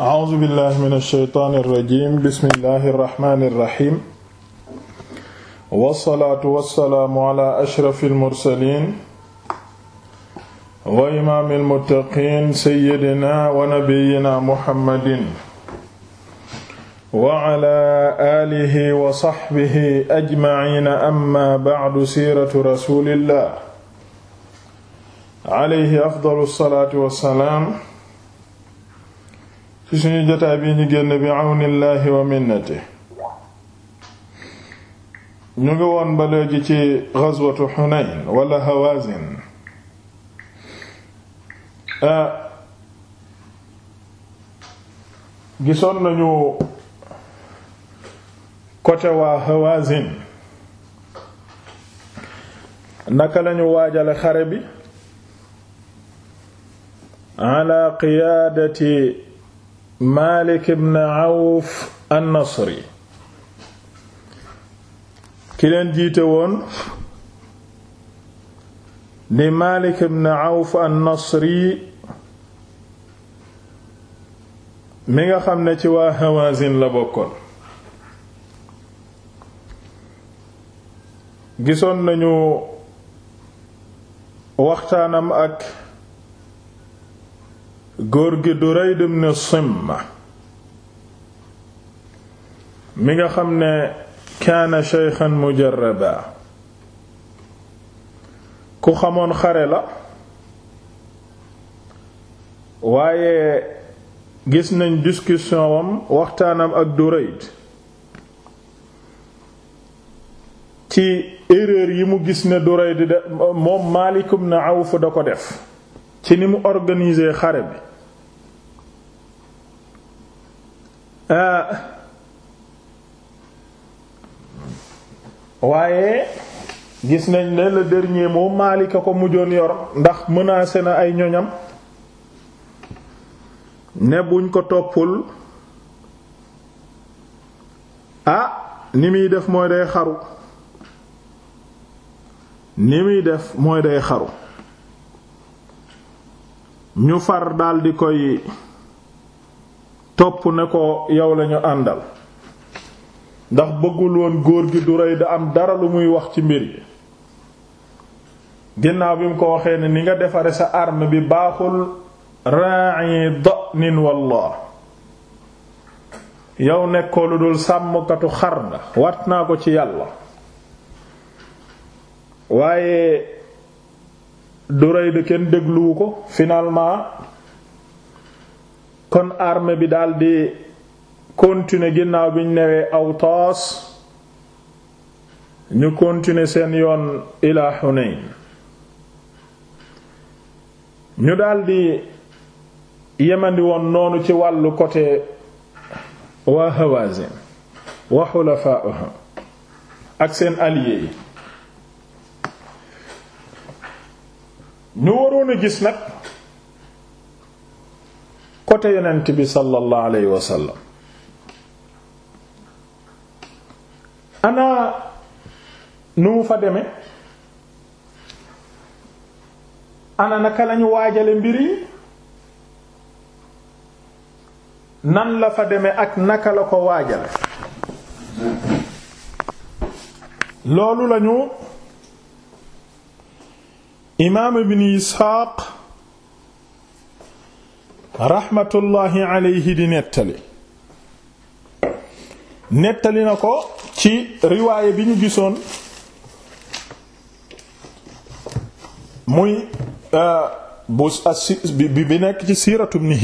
a'uuzu billahi mina shaytaani rajiim bismillahi rahmaani rahiim. wasalaatu wasalaamu ala ashrafil mursaliin. wa imaamil muttaqiin sayyidina wa nabiyyina muhammadin. wa ala aalihi wa saxbihi ajmaciina amma bacdu siiratu rasuulillah. alayhi afdalu salaatu wa salaam. ci suñu jotaay bi ñu génn bi àwnillaahi wa minnati ñu ngi woon ba léegi ci ghazwatu Hunayn wala Hawazin ah, gisoon nañu côté Hawazin naka lañu waajale xare bi ala qiyaadati Malik ibn Awf an-Nasri ki leen jiite woon di Malik ibn Awf an-Nasri mi nga xam ne ci waa Hawazin la bokkoon gisoon nañu waxtaanam ak góor gi du Durayd ibn Simm mi nga xam ne kaana shaykhan mujarraba ku xamoon xare la waaye gis nañ discussion wam waxtaanam ak du Durayd ci erreur yi mu gis ne Durayd de moom Maalik ibn Awf da ko def ci ni mu organiser xare bi Ah. waaye gis nañ ne le dernier moom Maalika ko mujjoon yor ndax mënaase na ay ñoñam ne buñ ko toppul ah ni muy def mooy day xaru ni muy def mooy day xaru ñu far daldi koy topp ne ko yow lañu àndal ndax bëggul woon góor gi du rëy da am dara lu muy wax ci mbir yi ginnaaw bi mu ko waxee ne ni nga defare sa arme bi baaxul ra'i danin wallah yow nekkoo lu dul sàmmkatu xar nga wat naa ko ci yàlla waaye du rëy da kenn dégluwu ko finalement kon armée bi daldi continuer ginnaaw bi ñu newee toos ñu continuer seen yoon ila Hunayn ñu daldi yemandi woon noonu ci wàllu côté waa Hawazin wa hulafaa'uha ak seen alliés yi ñu waroon a gis nag côté yonent bi sallallahu alayhi wa sallam ana nu mu fa deme ana naka lañu waajale mbiri nan la fa demee ak naka la ko waajale loolu lañu imaam ibn Isxaaq raxmatullaahi alayhi di nettali nettali na ko ci riwaaye bi ñu gisoon muy euh, bu bi nekk ci siiratu ibn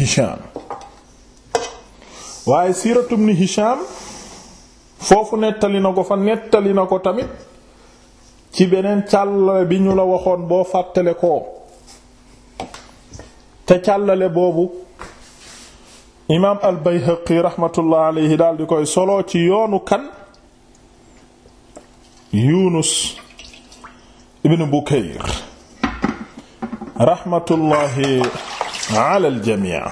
waaye siiratu ibn foofu nettali na ko fa nettali na ko tamit ci beneen càllale bi ñu la waxoon boo fàttale ko te càllale boobu imaam al bayhaqi raxmatullah alayhi daal di koy solo ci yoonu kan yunus ibn bukayr raxmatullahi ala al jamii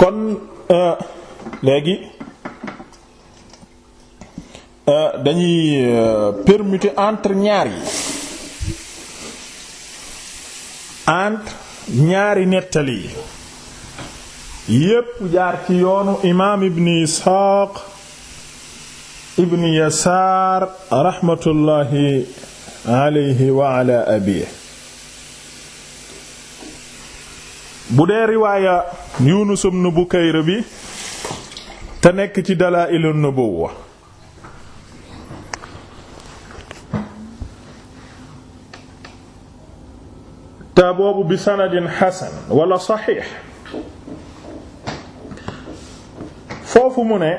kon euh, léegi euh, dañuy euh, permuter entre ñaar yi entre ñaari nettali yi yépp jaar ci yoonu imaam ibn isxaaq ibn yasaar raxmatullaahi wa abiih bu dee riwaaya yunus ibn bukayr bi te nekk ci dalaa'ilun nubuwwa te boobu bi sanadin xasan wala saxiix foofu mu ne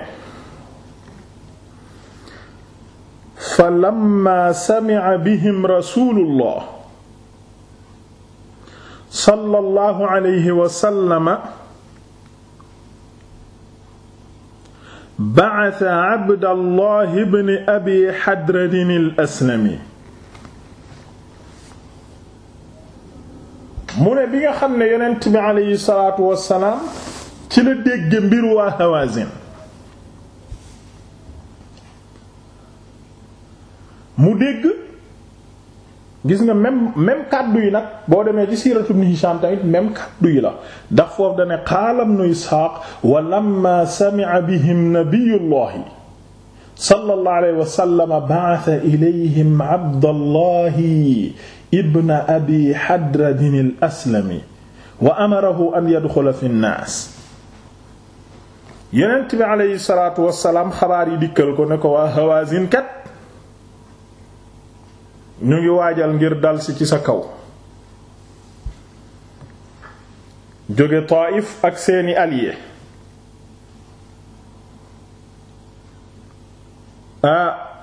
fa lamma sami'a bihim rasulullah sallallahu alayhi wa sallama ba'atha abdallahi ibn abi hadradin al-aslami mu ne bi nga xam ne yonent bi aleyhi salaatu wassalaam ci la dégge mbir waa Hawazin mu dégg gis nga même même kàddu yi nag boo demee ci siiratu Ibn Hisham tamit même kàddu yi la ndax foofu dane qaala ibnu Isxaaq wa lamma sami'a bihim nabiyullahi sallallahu alayhi wa sallam ba'atha ilayhim abdallahi ibn abi hadradin al aslami wa amarahu an yadxula fi nnaas yonent bi aleyhi salaatu xabaar yi dikkal ko ne ko waa hawazin kat ñu ngi waajal ngir dalsi ci sa kaw jóge Taif ak seeni alliés ah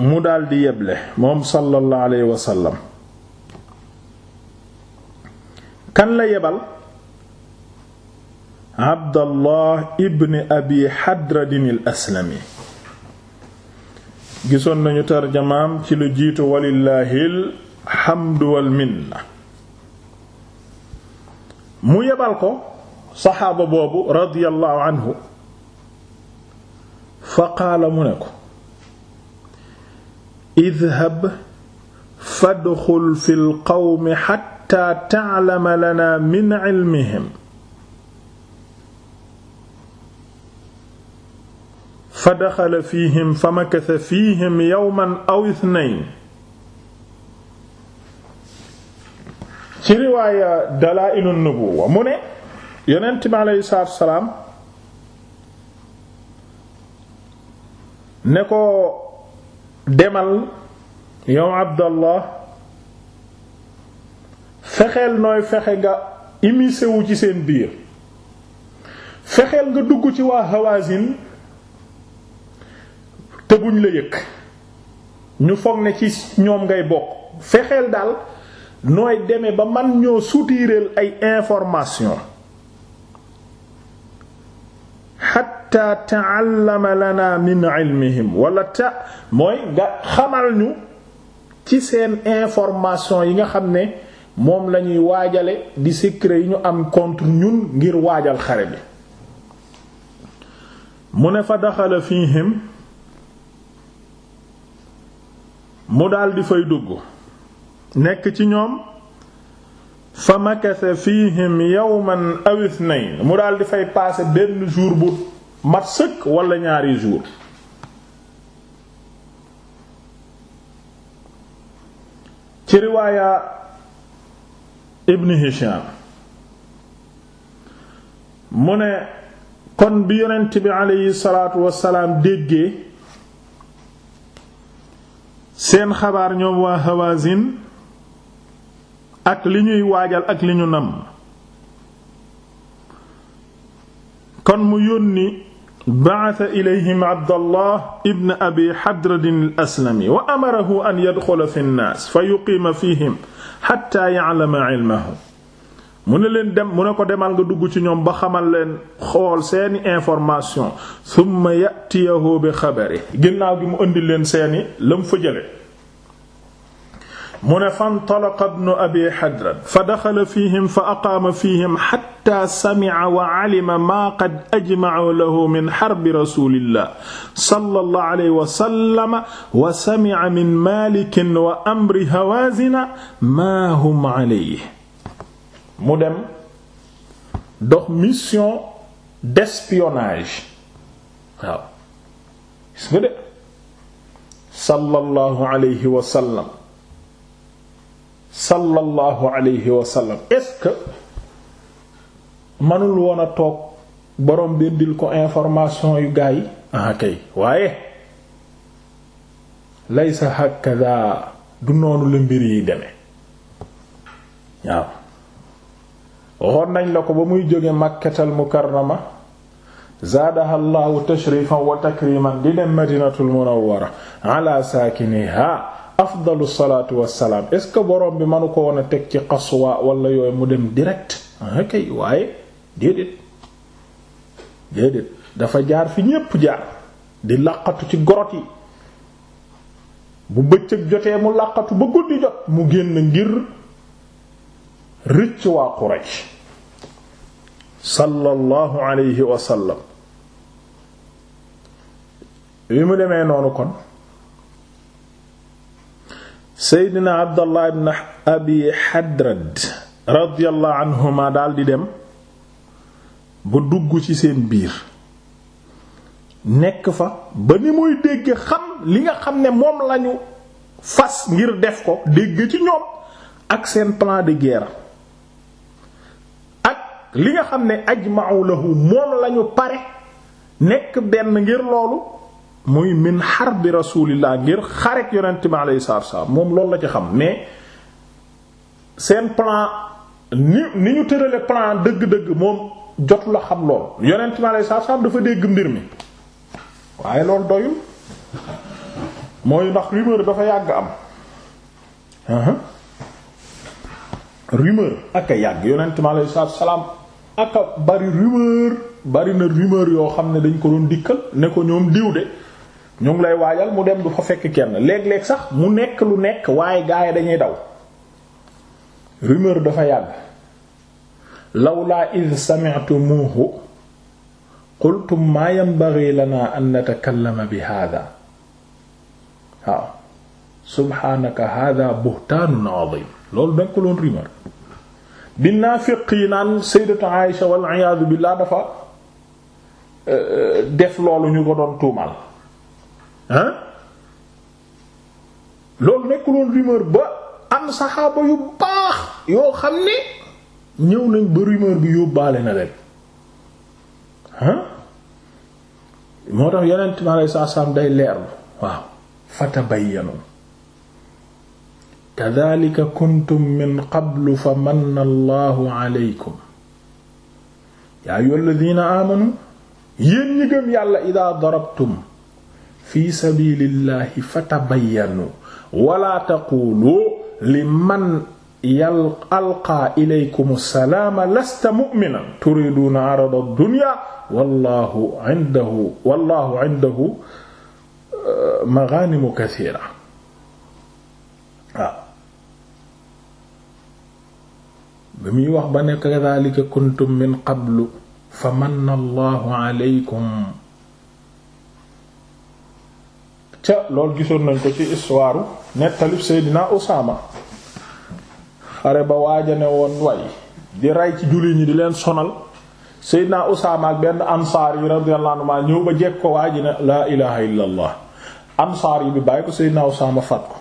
mu daldi yeble moom sallallahu alayhi wa sallam kan la yebal abdallah ibn abi hadradin aslami gisoon nañu tarjamaam ci lu jiitu walillahil hamdu wal mu yebal ko saxaaba boobu radiyallahu anhu fa qaala mu ne ko idhab fadxul fil qawmi xatta taclama lana min cilmihim fa daxala fiihim fa makasa fiihim yowman aw isnayn ci riwaaya dalaa'ilu nubuwa mu ne yonent bi aleyhi salaatu wa salaam ne ko demal yow Abdallah fexeel nooy fexe nga immiscé ci seen biir fexeel nga dugg ci waa Hawazin te la yëg ñu foog ne ci ñoom ngay bokk fexeel daal nooy deme ba man ñoo soutireel ay information xatta taallama lana min ilmihim wala ta mooy nga xamal ñu ci seen information yi nga xam ne moom lañuy waajale di secret yi ñu am contre ñun ngir waajal xare bi mu ne fa daxala fihim mu daldi fay dugg nekk ci ñoom fa makasa fihim yawman aw ithnayn mu daldi fay passer benn jour bu mat sëkk wala ñaari jour ci riwaaya Ibn Hisham mu ne kon bi yonent bi aleyhi salaatu wasalaam déggee seen xabaar ñoom waa Hawazin ak li ñuy waajal ak li ñu nam kon mu yónni ba'atha ilayhim Abdallah ibn Abi Hadrad al-Aslami wa amarahu an yadxula ne leen dem mu ne ko demal nga dugg ci ñoom ba xamal leen xool seeni information summa ya'tiyahu bi xabari ginnaaw gi mu indi leen seeni lam fa jële mu ne fantalaqa ibnu abi hadrad fa daxala fihim fa aqaama fihim xatta samica wa calima maa qad ajmacuu lahu min xarbi rasulillah sallallahu alayhi wa sallam wa samica min maalikin wa amri hawaazina maa hum alayhi mu dem dox mission d'espionnage waaw gis nga de sallallahu alayhi wa sallam sallallahu ce que mënul woona a toog boroom dindil ko information yu gaa yi ah, kay waaye laysa hakada du noonu la mbir yi demee waaw waxoon nañ la ko ba muy jóge makkatal mukarrama zaadaha llahu tashrifan wa takriman di dem madinatul munawwara ala saakiniha afdalu salaatu wassalaam est-ce que borom bi manu ko woon a teg ci qaswa wala yooyu mu dem direct ah, kay waaye déedéet déedéet dafa jaar fi ñépp jaar di laqatu ci gorot yi bu bëccëg jotee mu laqatu ba guddi jot mu génn ngir rëcc waa Quraysh sallallahu alayhi wa sallam mu demee noonu kon seydina abdallah ibn abi hadrad radiyallahu anhuma daldi dem bu dugg ci seen biir nekk fa ba ni muy dégg xam li nga xam ne moom lañu fas ngir def ko dégg ci ñoom ak seen plan de guerre ak li nga xam ne ajma'u lahu moom lañu pare nekk benn ngir loolu muy min harbi rasulillah ngir xaret yonent bi alayhi salaatu salaam moom loolu la ci xam mais seen plan ni ni ñu tërale plan dëgg-dëgg moom jot la xam lool yonent bi alayhi salaam dafa dégg mbir mi waaye loolu doyul mooy ndax rumeur dafa yàgg am rumeur ak yàgg yonent bi alayhi salaam ak a bari rumeur bari na rumeur yoo xam ne dañ ko doon dikkal ne ko ñoom diw de ñu ngi lay waajal mu dem du fa fekk kenn léeg-léeg sax mu nekk lu nekk waaye gaa yi dañuy daw rumeur dafa yàgg lawlaa id sami'tumuhu qultum ma yanbaghi lana an natakallama bi hadha waaw subhanaka hadha buhtaanun azim loolu nekk loon rumeur bi naafiq yi naan sayyidatu Aisha wal iyaadu billah dafa euh, euh, def loolu ñu ko doon tuumal ah loolu nekkuloon rumeur ba am saxaaba yu baax yoo xam ne ñëw nañ ba rumeur bi yóbbaale na leen ah moo tax yonent mi aleyhi salaatu salaam day leerlu waaw fatabayyanu kadhalika kuntum min qablu fa manna allahu aleykum yaa ayyuhalladhina amanu yéen ñi gëm yàlla idaa darabtum fi sabilillahi fatabayyanu wala taqulu liman alqaa ilaykum salaama lasta mu'minan turiduuna arada dunya wallahu indahu wallahu indahu uh, maganimu kasiira waaw ah. bi muy wax ba ne kadhalika kuntum min qablu famanna allahu alaykum ca loolu gisoon nañ ko ci histoire nettalib Seydina Usaama xare ba waajane woon way di rey ci julli ñi di leen sonal Seydina Usaama ak benn ansaar yi radiyallahu ko waaji ne laa ilaha illa allah ansaar yi bi bàyyi ko Seydina Usaama fat ko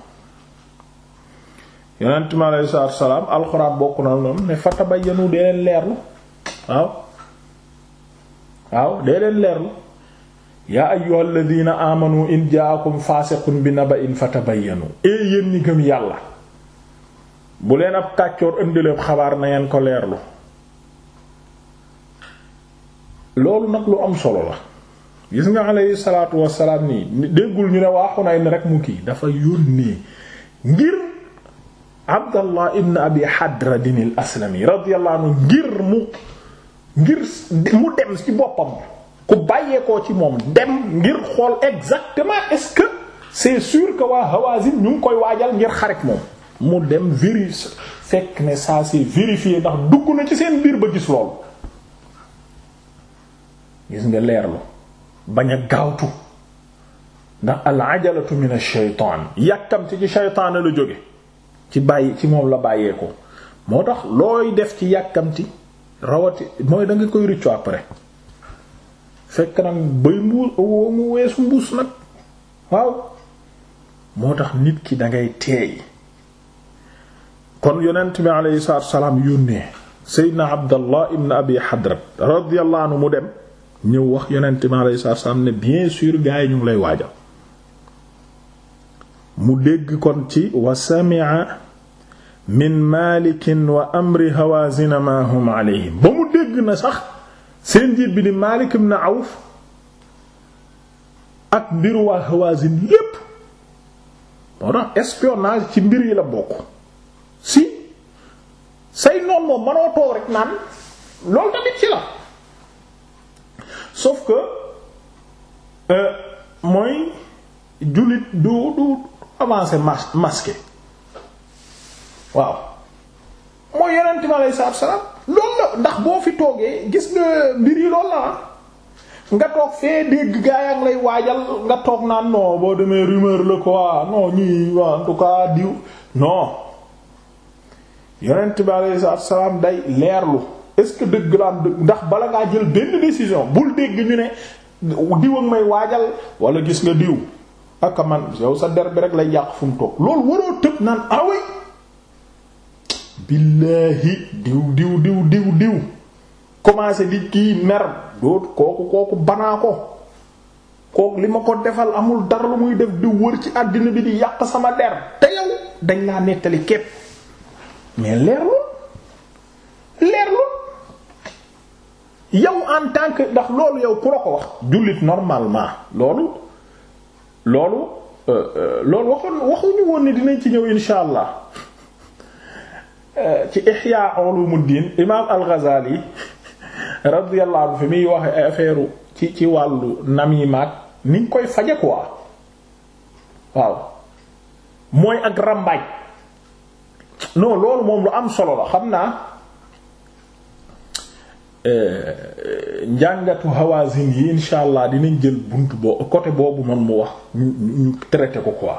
yonent mi aleyhi salaatu wa salaam alxuraan bokk na noonu ne fatabayyanu dee leen leerlu waaw waaw dee leen leerlu yaa ayyuhal ladina amanu in jaakum faasiqun bi naba'in fatabayyanu ee yéen ñi gëm yàlla bu leen ab kàccoor ëndileeb xabaar na ngeen ko leerlu loolu nag lu am solo la gis nga alayhi salaatu wassalaam nii déggul ñu ne waa Xunayn rek mu kii dafa yónnee ngir Abdallah ibn Abi Hadradin al-Aslami radiyallahu ngir mu ngir mu dem ci boppam ku bàyyeekoo ci moom dem ngir xool exactement est-ce que c'est sûr que waa Hawazin ñu ngi koy waajal ngir xaret moom mu dem viris fekk ne ça c'est vérifié ndax dugg na ci seen biir ba gis loolu gis nga leerlu bañ a gaawtu ndax al ajalatu min ash-shaytaan yàkkamti ci shaytaana la jóge ci bàyyi ci moom la bàyyeekoo moo tax looy def ci yàkkamti rawati mooy da nga koy rëccu après fekk nag bay mbuus mu weesu mbuus nag waaw moo tax nit ki dangay teey kon yonent bi aleyhi salaatu wasalaam yónnee seydna abdallah ibn abi hadrab radiyallahu mu dem ñëw wax yonent bi aleyhi salaatu wasalaam ne bien sûr gaa yi ñu ngi lay waajal mu dégg kon ci wa sami'a min malikin wa amri hawazin ma hum alayhim ba mu dégg na sax seen njiit bi di Maalik ibn Awf ak mbiru waa Hawazin lépp moo tax espionnage ci mbir yi la bokk si say noon moom manoo rek naan loolu tamit ci la sauf que euh, mooy jullit du du avancer masqué waaw mooy yonent mi aleyhi salaatu wa salaam loolu la ndax boo fi toogee gis nga mbir yi loolu la ah. nga toog fee dégg gaa yaa ngi lay waajal nga toog naan non boo demee rumeur la quoi non ñii en tout cas diw non yonent sa alayhi salaam day leerlu est-ce que dëgg la am ndax bala ngaa jël benn décision bul dégg ñu ne diw ak may waajal wala gis nga diw ak man yow sa der bi rek lay yàq fu toog loolu waroo tëb naan ah billaahi diw diw diw diw diw commencé li kii mer dootu kooku kooku banaa ko kook li ma ko defal amul dara lu muy def di wër ci àddina bi di yàq sama der te yow dañ laa nettali képp mais leerlu leerlu yow en tant que ndax loolu yow ku la ko wax jullit normalement loolu loolu euh, euh, loolu waxoon waxuñu woon ne dinañ ci ñëw insha allah ci Ihya Ulumuddin imaam al-Ghazali radiyallahu anhu fi muy waxe affaire ci ci wàllu namimaat ni ñu koy faje quoi waaw mooy ak rambaaj non loolu moom lu am solo la xam naa euh, njàngatu Hawazin yi insha allah dinañ jël bunt boo côté boobu man mu wax ñu ñu traité ko quoi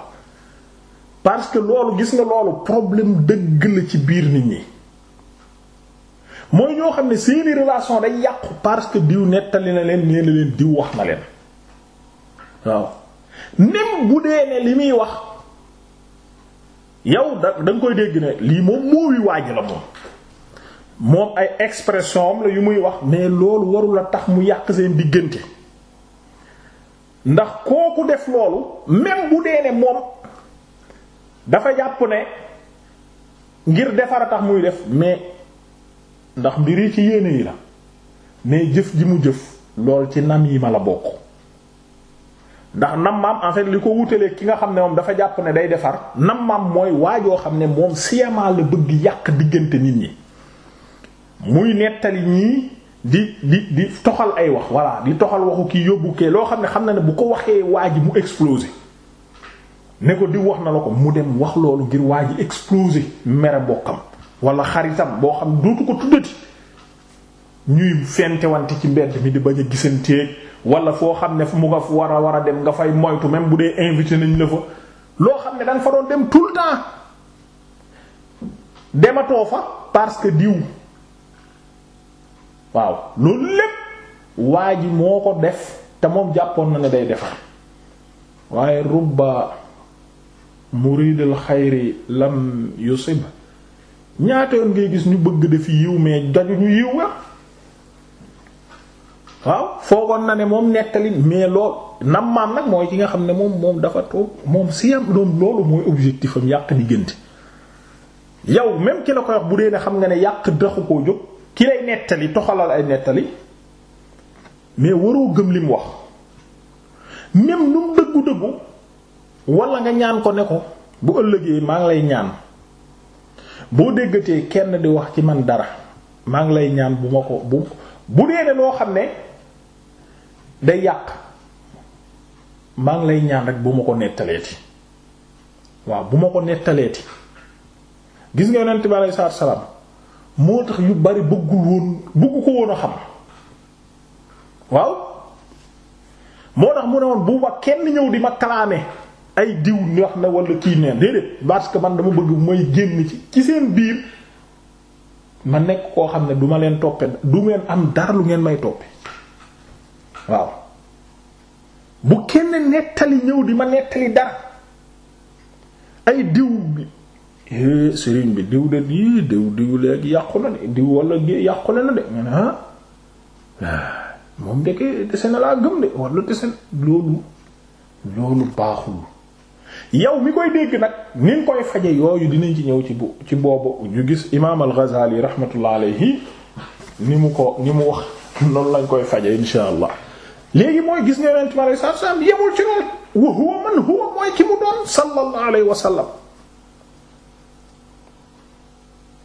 parce que loolu gis nga loolu problème dëgg la ci biir nit ñi mooy ñoo xam ne seeni relation day yàqu parce que diw nettali na leen nee na leen diw wax na leen waaw même bu dee ne li muy wax yow da nga koy dégg ne lii moom mooy waaj la moom moom ay expression am la yu muy wax mais loolu warul a tax mu yàq seen diggante ndax kooku def loolu même bu dee ne moom dafa jàpp ne ngir defar a tax muy def mais ndax mbir yi ci yéene yi la mais jëf ji mu jëf lool ci nam yi ma la bokk ndax nam maam en li ko wutalee ki nga xam ne moom dafa jàpp ne day defar nam maam mooy waajoo xam ne moom sciemment la bëgg yàq diggante nit ñi muy nettali ñii di di di toxal ay wax voilà di toxal waxu kii yóbbu kee loo xam ne xam na ne bu ko waxee waa ji mu exploser ne ko diw wax na la ko mu dem wax loolu ngir waa ji exploser mere bokkam wala xaritam boo xam dootu ko tuddati ñuy fentewante ci mbedd mi di bañ a gisanteeg wala foo xam ne fu mu nga war a war a dem nga fay moytu même bu dee invité nañ la fa loo xam ne da nga fa doon dem tout le temps dematoo fa parce que diw waaw loolu lépp waa ji moo ko def te moom jàppoon na nga day defar waaye rubba muridul xayri lam yusib ñaata yoon ngay gis ñu bëgg dafi yiw mais jaju ñu yiw nga waaw foogoon na ne moom nettali mais lool nam maam nag mooy ki nga xam ne moom moom dafa toog moom siyam doom loolu mooy objectif am yàq diggante yow même ki la koy wax bu dee ne xam nga ne yàq daxu koo jóg ki lay nettali toxalal ay nettali mais waroo gëm lim wax même lu dëggu dëggu wala nga ñaan ko ne ko bu ëllëgee maa ngi lay ñaan boo déggatee kenn di wax ci man dara maa ngi lay ñaan bu ma ko bu bu dee ne loo xam ne day yàq maa ngi lay ñaan rek bu ma ko nettaleeti waaw bu ma ko nettaleeti gis nga yonent bi aleyhi salaam moo tax yu bari bëggul woon bëggu ko woon a xam waaw moo tax mu ne woon bu ma kenn ñëw di ma kalaame ay diw ni wax na wala kii neen déedéet parce que man dama bëgg mooy génn ci ci seen biir ma nekk koo xam ne duma leen toppe du ngeen am dara lu ngeen may toppe waaw bu kenn nettali ñëw di ma nettali dara ay diw bi eh, sëriñ bi diw de lii diw diw léegi yàqu na de diw wala yàqu na de nga ah, ah moom de dese na laa gëm de wala dese loolu loolu baaxul yow mi koy dégg nag ni nga koy faje yooyu dinañ ci ñëw ci bu ci boobu ñu gis imaam al-Ghazali rahmatullah alayhi ni mu ko ni mu wax noonu lañ koy faje insha allah léegi mooy gis nga yonent bi alayhi salaatu wa salaam yemul ci loolu wa huwa man huwa mooy ki mu doon sallallahu alayhi wa sallam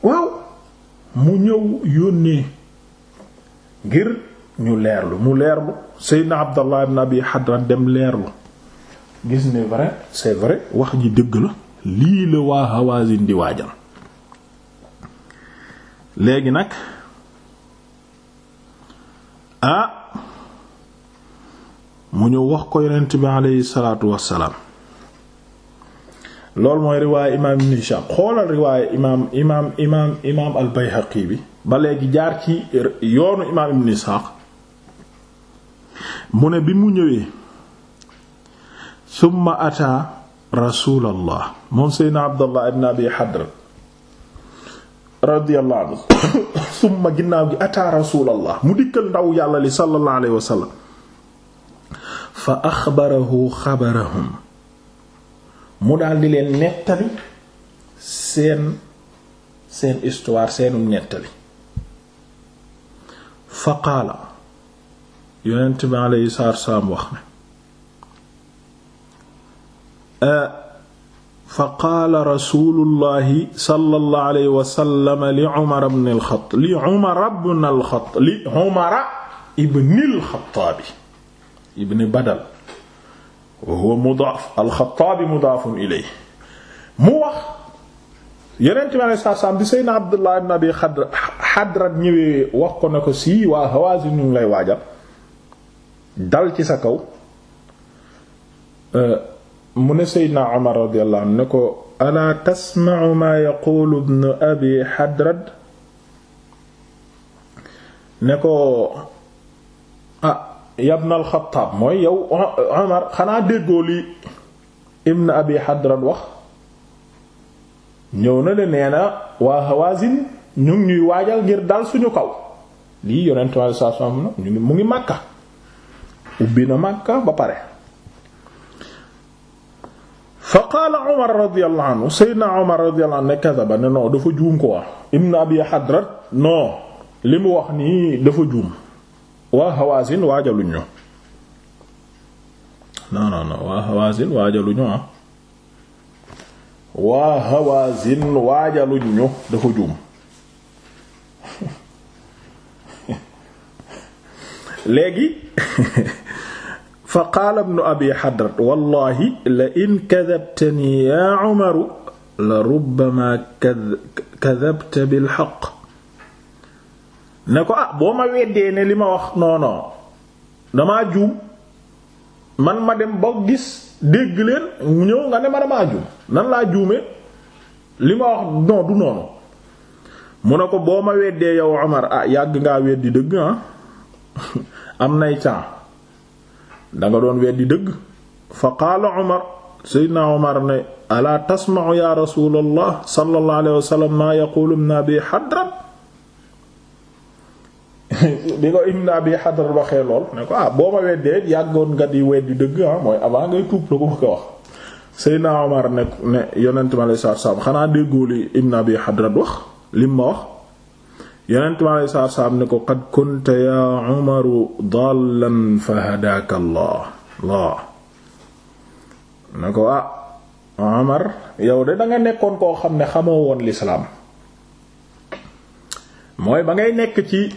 waaw mu ñëw yónnee ngir ñu leerlu mu leerlu Seydina Abdallah ibn Abi Hadran dem leerlu gis ne vrai c'est wax ji dëgg la lii la waa Hawazin di waajal léegi nag ah mu ñu wax ko yonent bi aleyhi wassalaam loolu mooy riwaaye imaam imaam imaam al-Bayhaqi bi ba léegi jaar ci yoonu imaam ibn Isxaaq mu ne bi mu ñëwee summa ataa rasuulallah moom seydna abdallah ibn abi hadr radiyallahu anhu summa ginnaaw gi ataa rasuulallah mu dikkal ndaw yàlla li sallallahu alayhi wa sallam fa axbarahu xabarahum mu daldi leen nettali seen seen histoire seenum nettali fa qaala yonent bi alayhi salaatu wa salaam wax ne fa qaala rasulullahi sallallahu alayhi wa sallam li Umar ibn al-Khattab li Umar ibn al-Khattab li Umar ibn al-Khattabi ibn Badal wa huwa mudaaf al-Khattabi mudaafun ilayhi mu wax yeneen mi alayhi salaam bi Seydina Abdullah ibn Abi Hadrad ñëwee wax ko ne ko sii waa Hawaazin ñu ngi lay waajal dal ci sa kaw. mu ne Seydina Omar radiyallahu anhu ne ko alaa tasma'u maa yaqulu ibnu abi Hadrad ne ko ah yabna al mooy yow Omar xanaa déggoo li ibnu abi Hadrad wax ñëw na de nee na waa Hawaazin ñu ngi ñuy waajal ngir dal suñu kaw lii yonentu Yàlla sallallahu alayhi wa sallam ñu ngi mu ngi Makka ubbi na Makka ba pare fa qaala Omar radiyallahu anhu Seydina ne kadaba ne non dafa juum ko wax Ibn Abi Hadrat non li mu wax nii dafa juum waa Hawazin waajaluñ ñu non non waa Hawazin waajaluñ ah. dafa juum léegi fa qaala ibnu abi xadrat wallahi la in kadabtani yaa umaru la rubbama kadabta bil xaq ne ko ah boo ma weddee ne li ma wax noonoo damaa juum man ma dem ba gis dégg leen ñëw nga ne ma damaa juum nan laa juume li ma wax noonu mu ne ko boo ma weddee yow Umar ah dëgg ah am nay temps danga doon weddi dëgg fa qaala Umar seydna Umar ne alaa tasma'u ya rasuulallah sallallahu alayhi wa sallam maa abi Hadrat bi ko ibn abi Hadrat waxee lool ne ko ah boo ma weddee yàggoon nga di weddi dëgg ah mooy avant ngay tuub la ko bëgg a wax seydna Umar ne ne yonent mi alayhi xanaa déggoo li ibn abi Hadrat wax lim ma wax yonent mi alayhi salaatu salaam ko qad kunta yaa Umaru dallan fahadaaka Allah Allah ne ko ah Umar yow de danga nekkoon koo xam ne xamoo woon lislaam mooy ba ngay nekk ci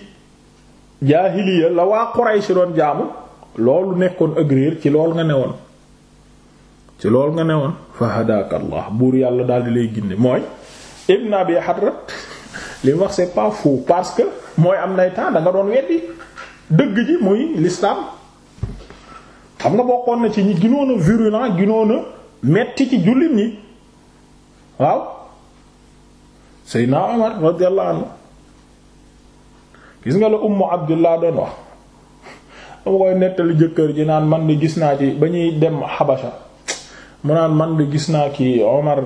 jaahiliya la waa Quraysh doon jaamu loolu nekkoon ak ci lool nga ne woon ci loolu nga ne woon fahadaaka Allah buur yàlla di lay gindi mooy ibn Abi Hadrat li wax c'est pas faux parce que mooy am nay temps da doon weddi dëgg ji muy l'islam xam nga bokkoon na ci ñi ginoon a virulent ginoon metti ci jullit ñi waaw Seydina Omar radiyallahu anhu gis nga la ummu abdullah doon wax dama koy nettali jëkkër ji naan man di gis naa ci ba ñuy dem xabasa mu naan man di gis naa ki Omar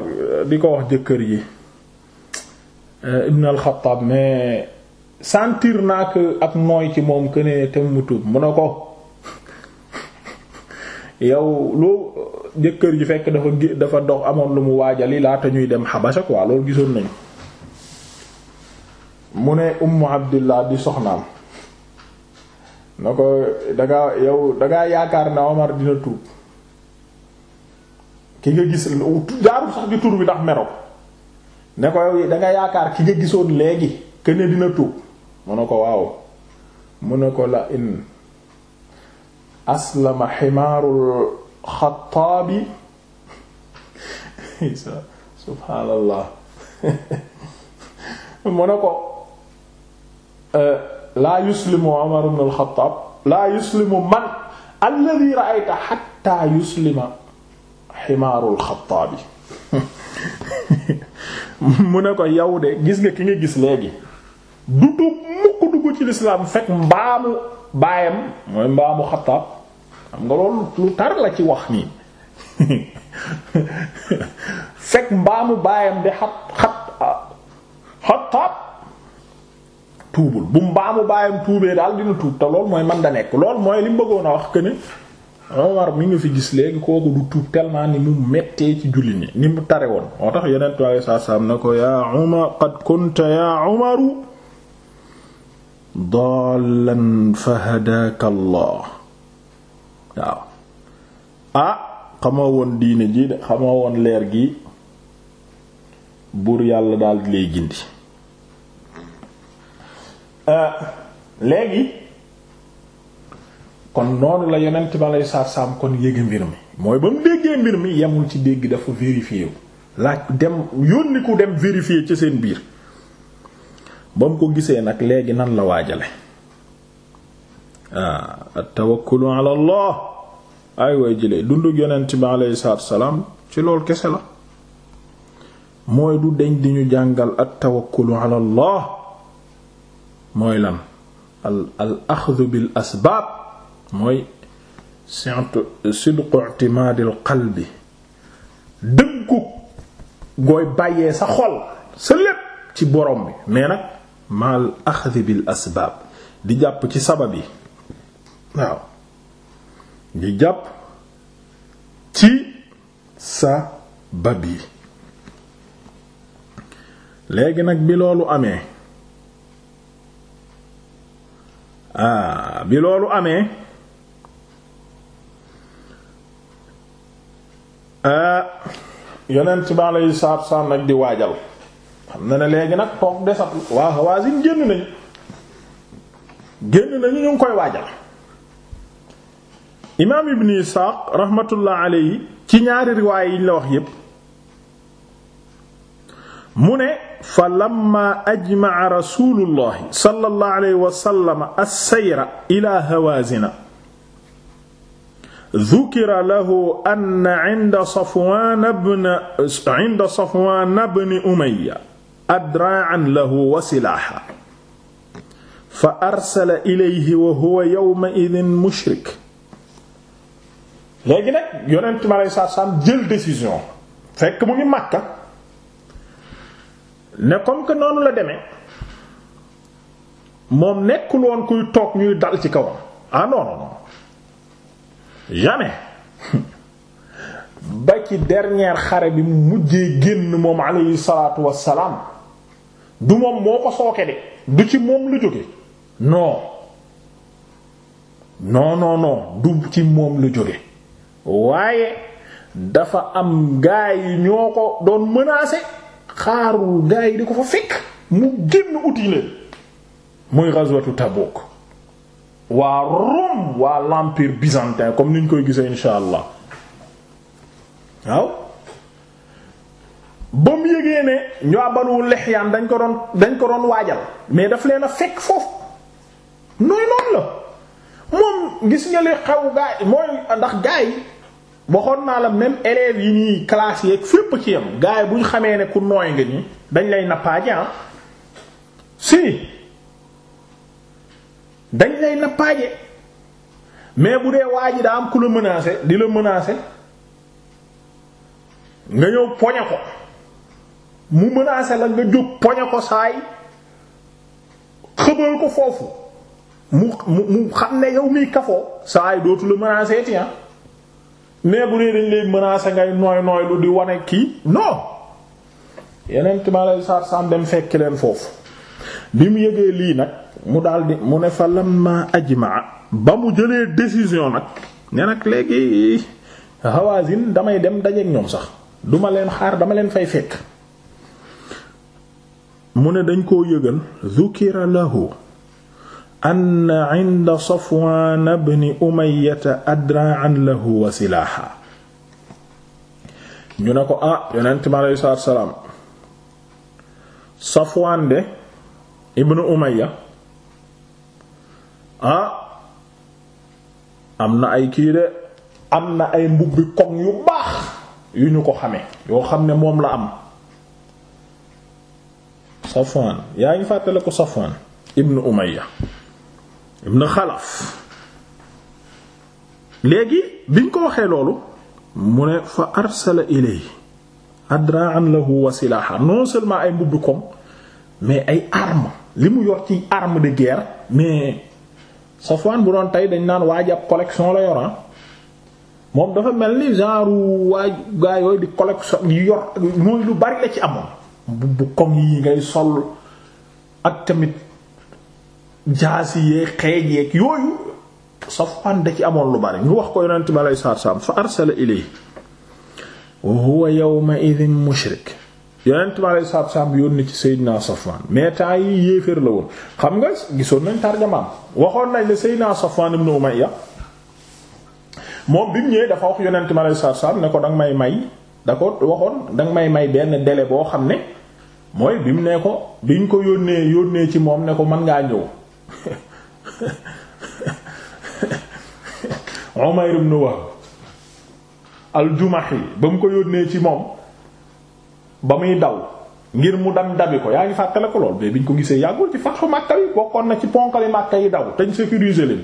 di ko wax jëkkër ji Euh, Ibn al mais sentir naa ak nooy ci moom que ne te mu tuub mu ne ko yow loo jëkkër ji fekk dafa dafa dox amoon lu mu waajali laata ñuy dem xabasa quoi loolu gisoon nañu mu ne ummu abdillah di soxnaam na ko dangaa yow dangaa yaakaar ne Omar dina tuub ki nga gis jaarul sax di tur bi ndax mero ne ko yow da nga yaakaar ki nga gisoon léegi que ne dina ko waaw mu ne ko la in aslama ximaarul xataabi subhaanallah mu ne ko euh, laa yuslimu Umar ibn al-Xattaab laa yuslimu man alladhi ra'ayta hatta yuslima ximaarul xataabi mu ne ko yow de gis nga ki nga gis léegi du dugg mukk dugg ci lislaam fekk mbaamu baayam mooy mbaamu xataab xam nga loolu lu tar la ci wax nii fekk mbaamu baayam di xat xat xataab tuubul bu mbaamu baayam tuubee daal dina tuub te loolu mooy man da nekk loolu mooy li mu bëggoon a wax que ne Omar mi nga fi gis léegi kooku du tuub tellement ni mu mettee ci julli ni ni mu tare woon moo tax yeneen tubaab saa saam na ko yaa Umar qad kunta yaa Umaru ah, gi buur yàlla daal lay gindi ah, léegi kon noonu la yonent ba lay saar saam kon yége mbir mi mooy ba mu déggee mbir mi yemul ci dégg dafa vérifié wu laaj dem yónni ku dem vérifié ci seen biir ba mu ko gisee nag léegi nan la waajale a ah, tawakkulu ala allah ay way jëlee dundug yonent bi aleyhi salaatu salaam ci loolu kese la mooy du deñ di ñu jàngal at tawakkulu ala allah mooy lan al al axdu bil asbaab mooy sidqu i'timaadil qalbi dëggu gooy bàyyee sa xol sa lépp ci borom bi mais nag mal axdi bil asbaab di jàpp ci sabab yi waaw di jàpp ci sabab yi léegi nag bi loolu amee ah, bi loolu amee Euh, yonent bi alayhi salaatu wassalaam nag di waajal xam na ne léegi nag toog desatul waa Hawazin génn nañu génn nañu ñu koy waajal imaam ibn Isaaq rahmatullah alayhi ci ñaari riwaay yi ñu la wax yépp mu ne fa lamma ajmaa rasulullahi sallallahu alayhi wa sallam ila Hawazina dhukira lahu anna inda Safwaan inda Safwaan ibn Umayya adraa'an lahu wa silaahan fa arsala ilayhi wa huwa yawma'idhin mushrik léegi nag yonent mi alayhi salaatu salaam jël décision fekk mu ngi Makka ne comme que noonu la demee moom nekkul woon kuy toog ñuy dal ci kawam ah non non non jamais ba ci dernier xare bi mu mujjee génn moom alayhi salaatu wassalaam du moom moo ko sooke de du ci moom lu jóge non non non non du ci moom lu jóge waaye dafa am gaa yi ñoo ko doon menacer xaarul gaa yi di ko fa fekk mu génn uti leen muy ghazwatu Tabuk waa Rome waa l'empire byzantin comme niñ koy gisee insha allah waaw ba mu yëgee ne ñoo Banu Lihyaan dañ ko doon dañ ko doon waajal mais daf leen a fekk foofu nooy noonu la moom gis nga li xaw gaay mooy ndax gaay yi waxoon naa la même élèves yi nii classe yeeg fépp ci yam gaa bu ñu xamee ne ku nooy nga nii dañ lay nappaaje ah si dañ lay nappaaje mais bu dee waa ji daa am ku la menacer di la menacer nga ñëw poñe ko mu menacer la nga jóg poñe ko saay xëbal ko foofu mu mu mu xam ne yow miy kafoo saay dootu la menacer ti ah. mais bu dee dañ lay menacer ngay nooy nooy lu di wane kii non yeneen time a lay saat dem fekki leen foofu bi mu yëgee lii nag mu daldi mu ne fa lamma ajmaa ba mu jëlee décision nag ne nag léegi Hawazin damay dem dajeek ñoom sax duma leen xaar dama leen fay fekk mu ne dañ koo yëgal dhukira lahu anna 'inda Safwan ibn Umayyah adra'an lahu wa silaaha ñu ne ko ah yonent mi alayhi de ibnu umayya ah am na ay kii de am na ay mbubbi koŋ yu baax yu ñu ko xame yoo xam ne moom la am safwaan yaa ngi fàttale ko safwaan ibnu umayya ibnu xalaf léegi biñ ko waxee loolu mu ne fa arsala ilay adra'an lahu wa silaha non seulement ay mbubbi koŋ mais ay armes li mu yor ci arme de guerre mais Safwan bu doon tey dañ naan waaj ab collection la yor ah. moom dafa mel ni genre waaj gaa yooyu di collection yu yor mooy lu bari la ci amoon bu bu koŋ yi ngay sol ak tamit jaasi yeeg xeej yeeg yooyu Safwan da ci amoon lu bari ñu wax ko yonent bi alayhi salaatu wa salaam fa arsala ilayhi wa huwa yawma mushrik yonent ma lay saab saab yónni ci Seydina Safwan mais temps yi yéeféer la woon xam nga gisoon nañ tarjamaam waxoon nañ ne Seydina Safwan ibn ya moom bi mu ñëwee dafa wax yonent ma lay saab saab ne ko danga may may da ko waxoon danga may may benn délai boo xam ne mooy bi mu ne ko bi ñu ko yónnee yónnee ci moom ne ko mën ngaa ñëw Umayr ibn Wahb al-Jumahi ba mu ko yónnee ci moom ba muy daw ngir mu dam dabi ko yaa ngi fàttale ko lool mais biñ ko gisee yàggul ci fatxu Makka yi bokkoon na ci ponkali Makka yi daw teñ sécuriser leen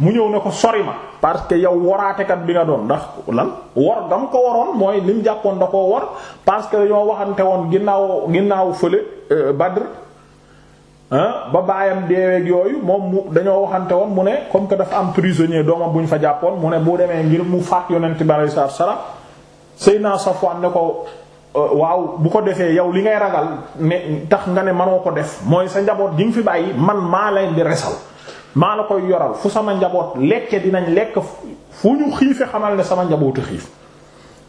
mu ñëw ne ko sori ma parce que yow waraatekat bi nga doon ndax lan wor dam ko waroon mooy lim jàppoon da koo wor parce que ñoo waxante woon ginnaaw ginnaaw fële euh, Badr ba baayam deeweeg yooyu moom mu dañoo waxante woon mu ne comme que dafa am prisonnier doomam bu ñu fa jàppoon mu ne bu demee ngir mu faat yonent bi alayhi salaam Seydina ko Euh, waaw bu ko defee yow li ngay ragal ne tax nga ne manoo ko def mooy sa njaboot gi nga fi bàyyi man maa leen di resal maa la koy yoral fu sama njaboot lekke dinañ lekk fu ñu xiife xamal ne sama njabootu xiif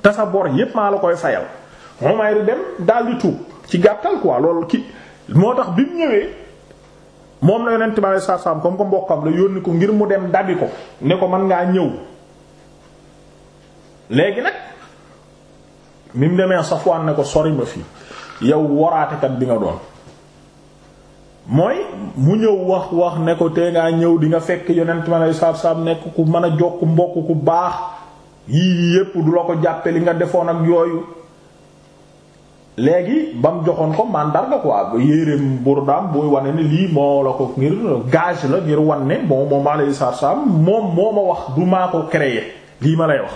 te sa bor yépp maa la koy fayal Umayr dem daldi tuub ci gàttal quoi loolu ki moo tax bi mu ñëwee moom la yonent bi saa saam comme ko mbokkam la yónni ko ngir mu dem dabi ko ne ko man ngaa ñëw léegi nag mi mu demee Safwaan ne ko sori ma fii yow waraatekat bi nga doon mooy mu ñëw wax wax ne ko te ngaa ñëw di nga fekk yonent ma lay saab saab nekk ku mën a jokk mbokk ku baax yii yépp du la ko jàppe li nga defoon ak yooyu léegi ba mu joxoon ko mandarga quoi yéeréem burdaam booy wane ne lii moo la ko ngir gage la ngir wan ne bon moom maa lay saab saab moom moo ma wax du maa ko créer lii ma lay wax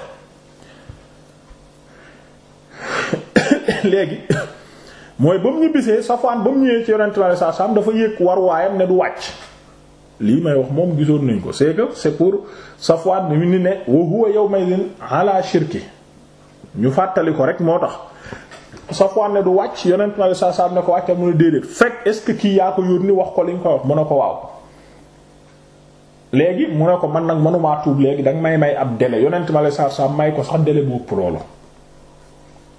léegi mooy ba mu ñu Safwaan ba mu ñëwee ci yonent Yàlla sallallahu alayhi wasallam dafa yëg war waayam ne du wàcc lii may moom gisoon nañ ko c'est que c'est pour Safwaan ni ni ne wa huwa yawmaydin ala shirki ñu fàttali ko rek moo tax Safwaan ne du wàcc yonent Yàlla sallallahu alayhi wasallam ne ko wàcc mu ne déedéet fekk est-ce que kii wax ko liñ ko wax mën na ko waaw léegi mu ne ko man nag mënumaa tuub léegi danga may may ab délai yonent Yàlla sallallahu may ko sax délai bu ëpp loolu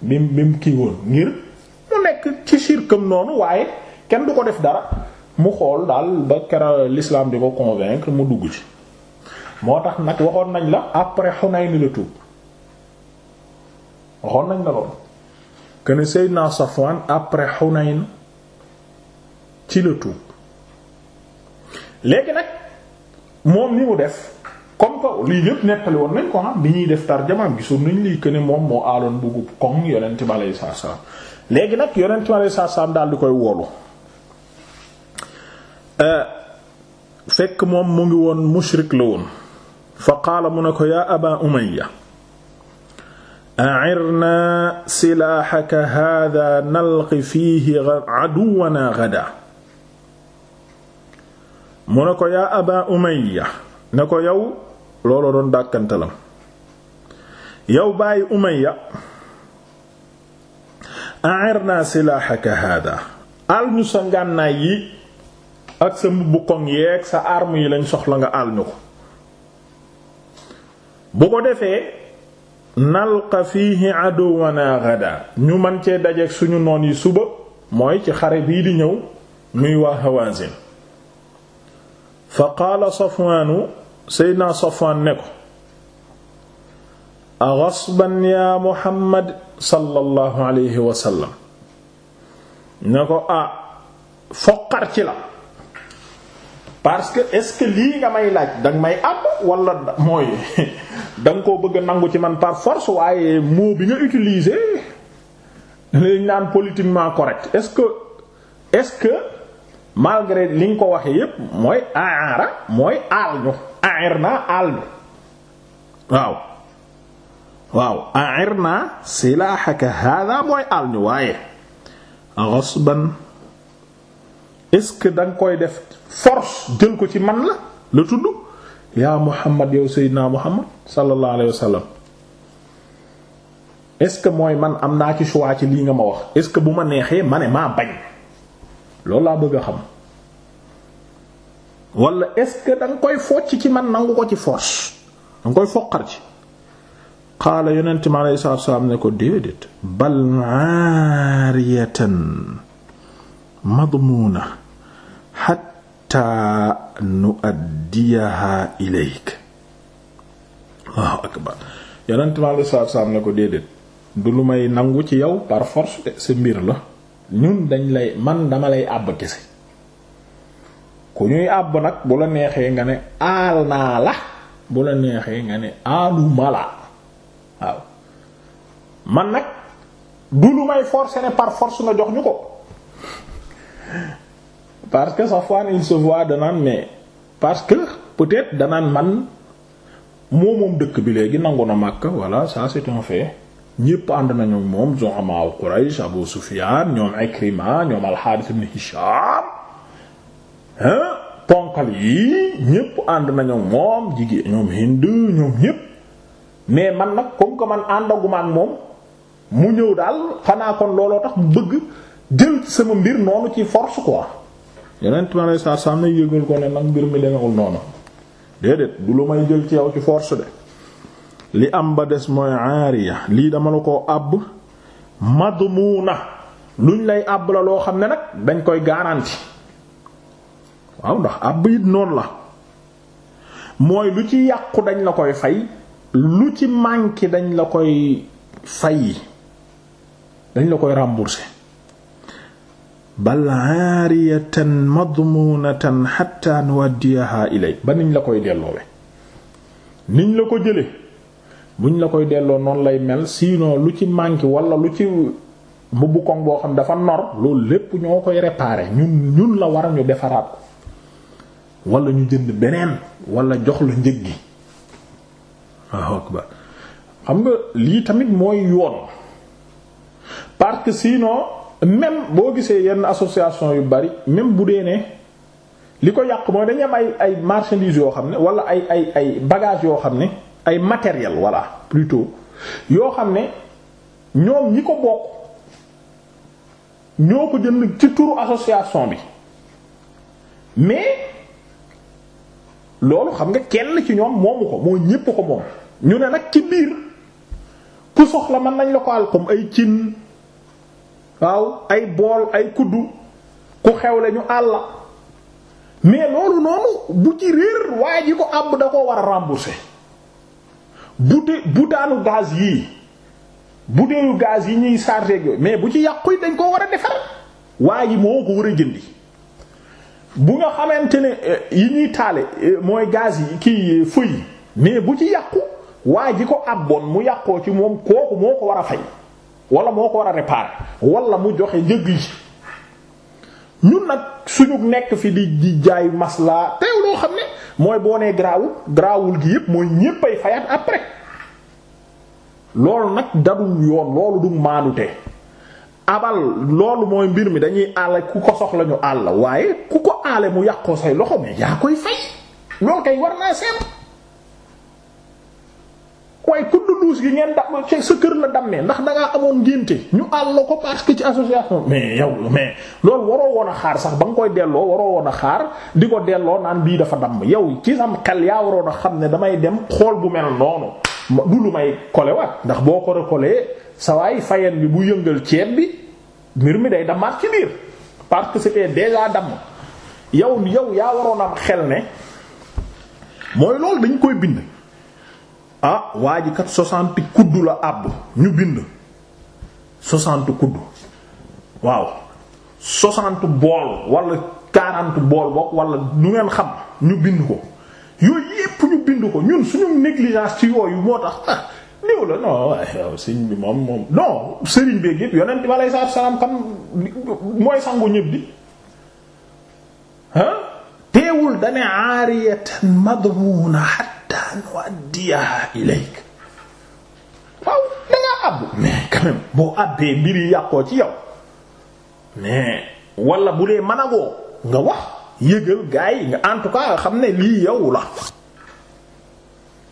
bi mu bi mu kii woon ngir mu nekk ci sirkam noonu waaye kenn du ko def dara mu xool daal ba kera lislaam di ko convaincre mu dugg ci moo tax nag waxoon nañ la après Hunayn la tuub waxoon nañ la lool que ne Seydina Safwan après Hunayn ci la tuub léegi nag moom ni mu def comme lii yëpp nettali woon nañ ko ah, bi ñuy def tarjamaam gisoon nañ lii que ne moom moo aaloon bëggu koŋ yonent bi aleyhi salaatu salaam léegi nag yonent bi aleyhi salaatu salaam daal di koy woolu euh, fekk moom mu ngi woon mushrik la woon fa qaala mu ne ko yaa aba umayya a'irna ne ko yaa ne ko yow looloo doon dàkkantalam yow bàyyi umayya a'irna silahaka hada al ñu sa ngànnaay yi ak sa mbubbu koŋ yeeg sa arme yi lañ soxla nga al ñu ko bu ko defee nalqa fihi aduwana gada ñu man cee dajeeg suñu noon yi suba mooy ci xare bii di ñëw muy waa Hawazin fa qaala Safwaanu seydna Safwan ne ko a gasban yaa Muhammad sallallahu alayhi wa sallam ne ko a ah, foqar ci la parce que est-ce que lii nga may laaj danga may àbb wala mooy danga koo bëgg nangu ci man par force waaye mot bi nga utiliser lañ naan politiquement correct est-ce que est-ce que malgré li nga ko waxee yépp mooy aara mooy aal ñu air naa aal ñu waaw waaw air naa silaaxaka hada mooy aal ñu waaye ghasban est-ce que da koy def force jël ko ci man la la tudd yaa muhammad yow seydinaa muhammad sallallahu alayhi wa sallam que mooy man am naa ci choix ci lii nga ma wax est-ce que bu ma neexee ma ne maa bañ loolu laa bëgg a xam wala est-ce da nga koy focc ci man nangu ko ci force da nga koy foqar ci xaala yonent mi aleyhi salaatu ne ko déedéet bal aariyatan madmuuna xatta nu addiyaha ilayk waaw akbar du lu may nangu ci yow par force de mbir la ñun dañ lay man dama lay àbb kese ku ñuy àbb nag bu la neexee nga ne aal naa la bu la neexee nga ne aalu mala waaw man nag du lu may forcer ne par force nga jox ñu ko parce que Safwan il se voit danaan mais parce que peut-être danaan man moo moom dëkk bi léegi nangu na màkk voilà ça c'est un fait ñépp ànd nañu moom zuhamaaw Quraysh Abu Sufyan ñoom Ikrima ñoom al-Harith ibn Hisham hein ponkal yi ñépp ànd nañu moom jigéen ñoom Hind ñoom ñépp mais man nag comme que man àndaguma ak moom mu ñëw daal xanaa kon looloo tax mu bëgg jël sama mbir noonu ci force quoi yeneen ma lay sa sam na yëgal ko ne nag mbir mi demewul noonu déedéet du lu may jël ci yow ci force de li am ba des mooy aariya lii dama la koo àbb madmuuna luñ lay àbb la loo xam ne nag dañ koy garanti waaw ndax àbb it noonu la mooy lu ci yàqu dañ la koy fay lu ci manqué dañ la koy fay dañ la koy remboursé bal aariyatan madmuunatan hatta nuwaddiyaha ilay ba niñ la koy delloowe niñ la ko jële bu ñu la koy delloo noonu lay mel sinon lu ci manqué wala lu ci mbubb koŋ boo xam dafa nor loolu lépp ñoo koy réparer ñun ñun la war ñu defaraat ko wala ñu jënd beneen wala jox la njëg gi waaw xam nga lii tamit mooy yoon parce que sinon même boo gisee yenn association yu bari même bu dee ne li ko yàq mooy dañu am ay ay marchandises yoo xam ne wala ay ay ay bagages yoo xam ne. ay matériel voilà plutôt yoo xam ne ñoom ñi ko bokk ñoo ko jënd ci turu association bi mais loolu xam nga kenn ci ñoom moomu ko moo ñépp ko moom ñu ne nag ci biir ku soxla mën nañ la ko al ay cin waaw ay bool ay kuddu ku xewle ñu àll mais loolu noonu bu ci réer waaye ji ko àbb da koo war a rembourser bute butaanu gaz yii buteelu gaz yi ñuy chargé go mais bu ci yàqu yi dañ koo war a defar waa yi moo ko war a jëndi bu nga xamante ne eh, yi ñuy taale eh, mooy gaz yi kii eh, feu mais bu ci yàqu waa ji ko abboon mu yàqoo ci moom kooku moo ko war a fay wala moo ko war a réparer wala mu joxe njëg yi ñun nag suñu nekk fi di di jaay maslaa teew loo xam ne. mooy boo nee garaawul garaawul gi yépp mooy ñéppay fayaat après loolu nag dadul yoon loolu du maanute abal loolu mooy mbir mi dañuy àll ku ko soxla àll waaye ku ko aale mu yàqoo say loxo mais yaa koy fay loolu kay war naa seet mooy kudd duus gi ngeen dam ci sa kër la dammee ndax da amoon ngénte ñu àll ko parce que ci association mais yow mais loolu waroo woon xaar sax ba nga delloo waroo woon a xaar di ko delloo naan bii dafa damm yow ci sam xel yaa waroon a xam ne damay dem xool bu mel noonu du lu may kolewaat ndax boo ko récolé sa waay bi bu yëngal ceeb bi mbir mi day damaat ci parce que c'était déjà damm yow yow yaa waroon xel ne mooy loolu dañ koy bind ah waa ji kat soixante la àbb ñu bind soixante kudd waaw soixante bool wala quarante bool bokk wala nu ngeen xam ñu bind ko yooyu yépp ñu bind ko ñun suñu négligence ci yooyu moo tax ah néew la non waaw sëriñ bi moom moom non sëriñ bi ah teewul dane aariyatan madmuuna an uaddiyaha ilayk waaw dangaa àbb mais quand boo àbbee mbir yi yàqoo ci yow mais walla bu dee mën agoo nga wax yëgal gars yi nga en tout cas nga xam ne lii yow la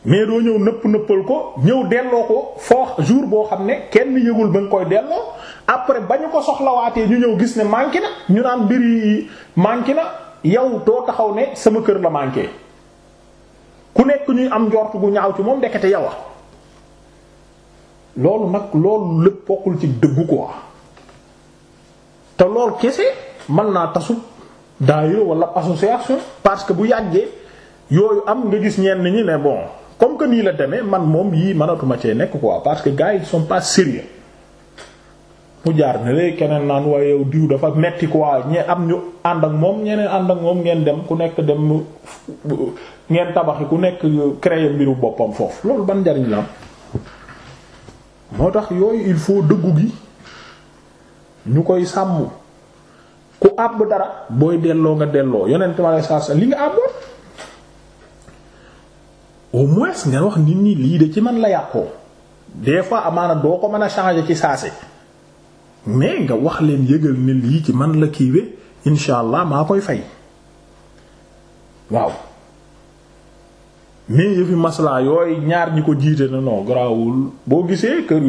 mais doo ñëw nëpp nëppal ko ñëw delloo ko foo jour boo xam ne kenn yëgul ba nga koy delloo après ba ñu ko soxlawaatee ñu ñëw gis ne manqué na ñu naan mbir yi manqué na yow doo taxaw ne sama kër la manqué ku nekk ñuy am njort gu ñaaw ci moom ndekete yow loolu nag loolu lépp bokkul ci dëggu ko te loolu kese mën naa tasub daayira wala association parce que bu yàggee yooyu am nga gis ñenn ñi ne bon comme que nii la demee man moom yii mënatuma cee nekk quoi parce que gars yi ils sont sérieux mu jaar ne keneen naan waaye yow diw dafa metti quoi ñe am ñu ànd ak moom ñeneen ànd ak moom ngeen dem ku nekk dem ngeen tabaxi ku nekk créer mbiru boppam foofu loolu ban njariñ la am moo tax yooyu il faut dëggu gi ñu koy sàmm ku àbb dara booy delloo nga delloo yonent ma lay saa li nga àbboon au moins ngeen wax nit ñi lii de ci man la yàqoo des fois amaana doo ko mën a changer ci saase. mais nga wax leen yëgal ne lii ci man la kii incha allah maa koy fay waaw mais yëfi maslaa yooyu ñaar ñi ko jiite na non garaawul boo gisee kër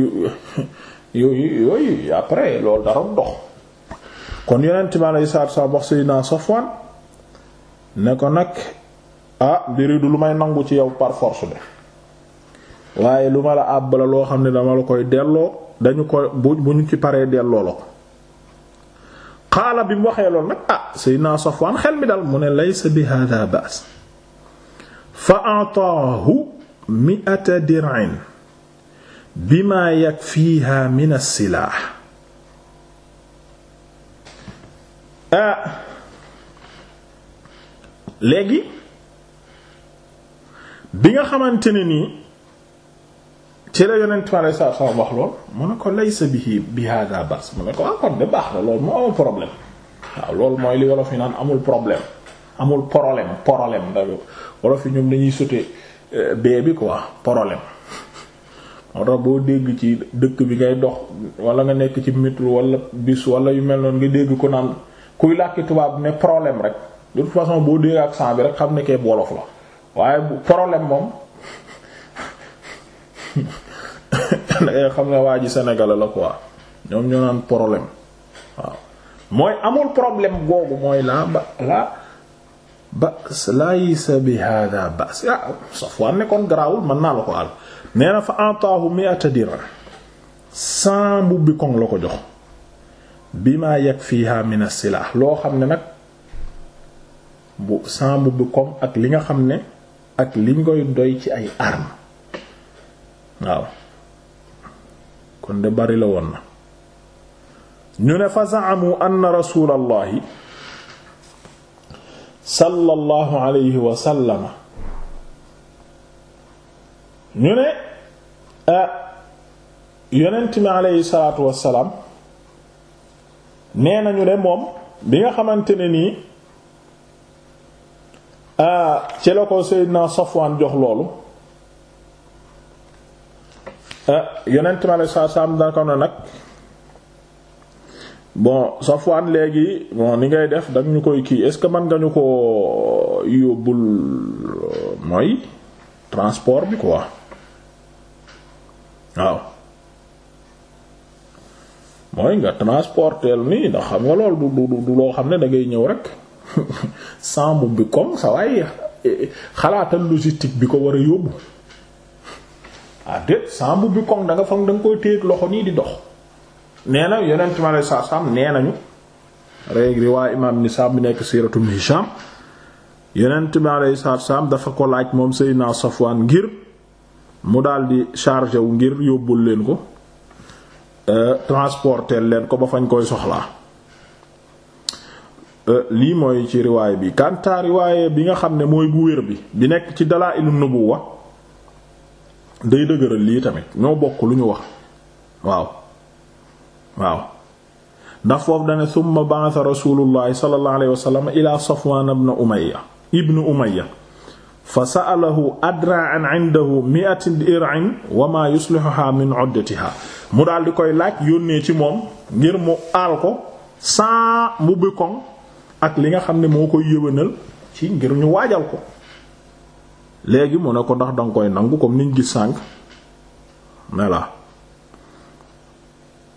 yooyu yooyu après loolu dara dox kon yonent bi aleyhi salaatu salaam wax Seydina Safwan ne ko nag ah mbiri du lu may nangu ci yow par force waaye lu ma la àbb la loo xam ne dama la koy delloo dañu ko bu bu ñu ci paree delloo la ko xaala bi mu waxee lool nag ah Seydina Safwan xel mi daal mu ne laysa bi hada baas fa ataahu mi'ata dir'in bima yakfiha min as-silaah ah, léegi bi nga xamante ni nii ci la yonent mi alayhi salaatu salaam wax lool mu ne ko laysa bihi bi hada bas mu ne ko ah kon de baax na loolu moo amul problème waaw loolu mooy li wolof yi naan amul problème amul problème problème da wolof yi ñoom dañuy sauter euh, bee bi quoi problème. moo tax dégg ci dëkk bi ngay dox wala nga nekk ci métro wala bus wala yu mel noonu nga dégg ko naan kuy làkki tubaab ne problème rek de toute façon boo dégg bi rek xam ne kee wolof la waaye problème moom. dangay xam nga waa ji sénégalais la quoi ñoom ñoo naan problème waaw mooy amul problème googu mooy laa ba laa bas laysa bi hada kon garaawul mën naa la ko àll nee na fa antaahu mi'ata dirham cent mbubbi koŋ la ko jox bi ma yakfiha min as-silah loo xam ne nag bu cent mbubbi koŋ ak li nga xam ne ak liñ koy doy ci ay armes waaw kon de bari la woon na ñu ne fa za'amu an rasulallahi sallallahu alayhi wa sallama ñu ne yonent mi alayhi salaatu wassalaam nee nañu ne moom bi nga xamante ne nii ci la ko Seydina Safwan jox loolu Ah, yonent mi alayhi salaatu salaam dana ko ne nag bon Safwan léegi bon ngay def danga ñu koy kii est-ce que mën nga ñu ko yóbbul transport bi quoi waaw mooy nga transporteel nii ndax xam nga loolu du du du loo xam ne da ngay ñëw rek sambu bi comme sa waaye eh, xalaatal logistique bi ko war a yóbbu ah déet bi koŋ da nga danga da nga koy téeg loxo nii di dox nee na yonent mi alayhi salaatu salaam nee nañu rek riwaay imaam ni saab bi nekk si Ibn Hishaam yonent mi alayhi salaatu salaam dafa ko laaj moom Seydina Safwaan ngir mu daldi chargé wu ngir yóbbul leen ko euh, transporter leen ko ba fañ koy soxlaa euh, lii mooy ci riwaay bi kanta riwaay bi nga xam ne mooy bu bi bi nekk ci Dalaa'ilun wa day dëgëral lii tamit ñoo bokk lu ñu wax waaw waaw ndax foofu dane summa ba'atha rasulullahi sallallahu alayhi wa sallam ila safwan ibn umayya fa sa'alahu adra'an 'indahu mi'at dir'in wa ma min mu daal di koy laaj yónnee ci moom ngir mu aal ko sans mu bëkkoon ak li nga xam ne moo koy yëwénal ci ngir ñu waajal ko léegi mu ne ko ndax danga koy nangu comme niñ gis sànk voilà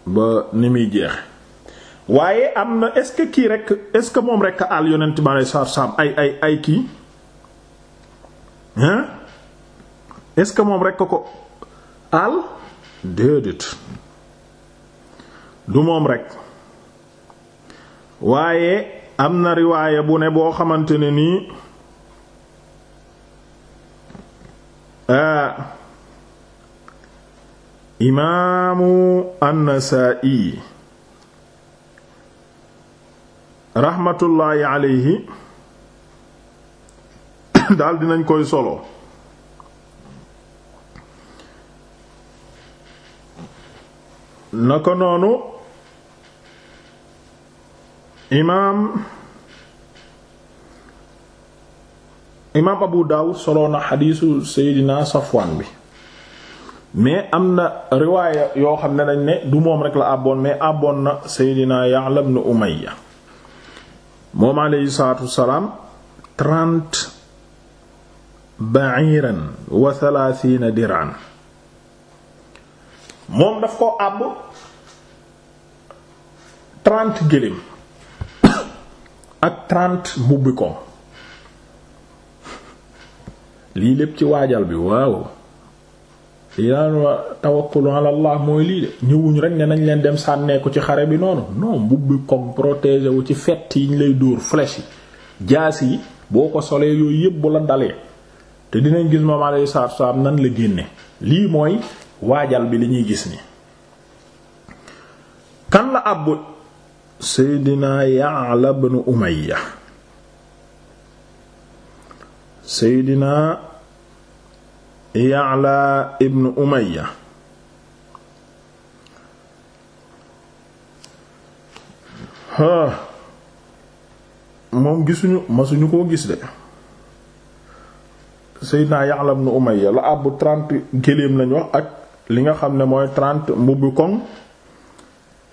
ba ni muy jeexe waaye am na est-ce que kii rek est-ce que moom rek a àll yonent ma ay ay ay kii est-ce que moom rek a ko àll déedéet du moom rek waaye am na riwaaya bu ne boo xamante ne nii Ah. imaamu annasaa'i raxmatullaahi alayhi daal dinañ koy solo naka noonu imaam imaam Abu Dawud solo a xadiisu Seydina Safwan bi mais am na riwaaya yoo xam ne dañ ne du moom rek la àbboon mais àbboon na Seydina Ya'la ibn Umayya moom aleyhi salaatu wasalaam trente ba'iran wa moom daf ko àbb trente gëléem ak trente mbubbi ko lii lépp ci waajal bi waaw lii daan wa tawakkulu ala mooy lii de ñëwuñ rek ne nañ leen dem sànneeku ci xare bi noonu non mbubbi comme protégé wu ci fett yi ñu lay dóor flèche yi jaas yi boo ko solee yooyu yëpp bu la dalee te dinañ gis moom alayhi salaatu salaam nan la génne lii mooy waajal bi li ñuy gis ni kan la àbbu Seydina Ya'la ibn Umayya seydina Ya'la ibn Umayya moom gisuñu masuñu koo gis de Seydina Ya'la ibn Umayya la àbbu trente géléem lañ wax ak li nga xam ne mooy trente mbubbi koŋ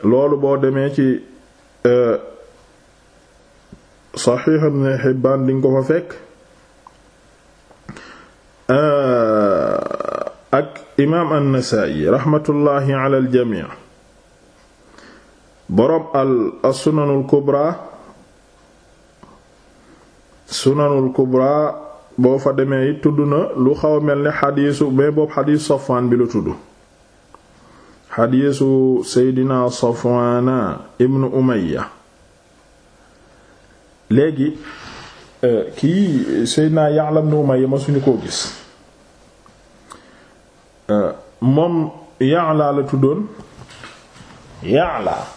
loolu boo demee ci euh, Sahih ibn Hibban dinga ko fa fekk Euh, ak imaam an-Nasaa'i raxmatullaahi ala al-jamii boroom as-sunanul kubra sunanul kubra boo fa demee it tudd na lu xaw mel ne xadiisu mais boobu xadiis Safwaan bi la tudd xadiisu Seydina Safwaana ibnu Umayya léegi Euh, kii Seydina Ya'la ibn Umayya ma suñu koo gis euh, moom Ya'la la tuddoon Ya'la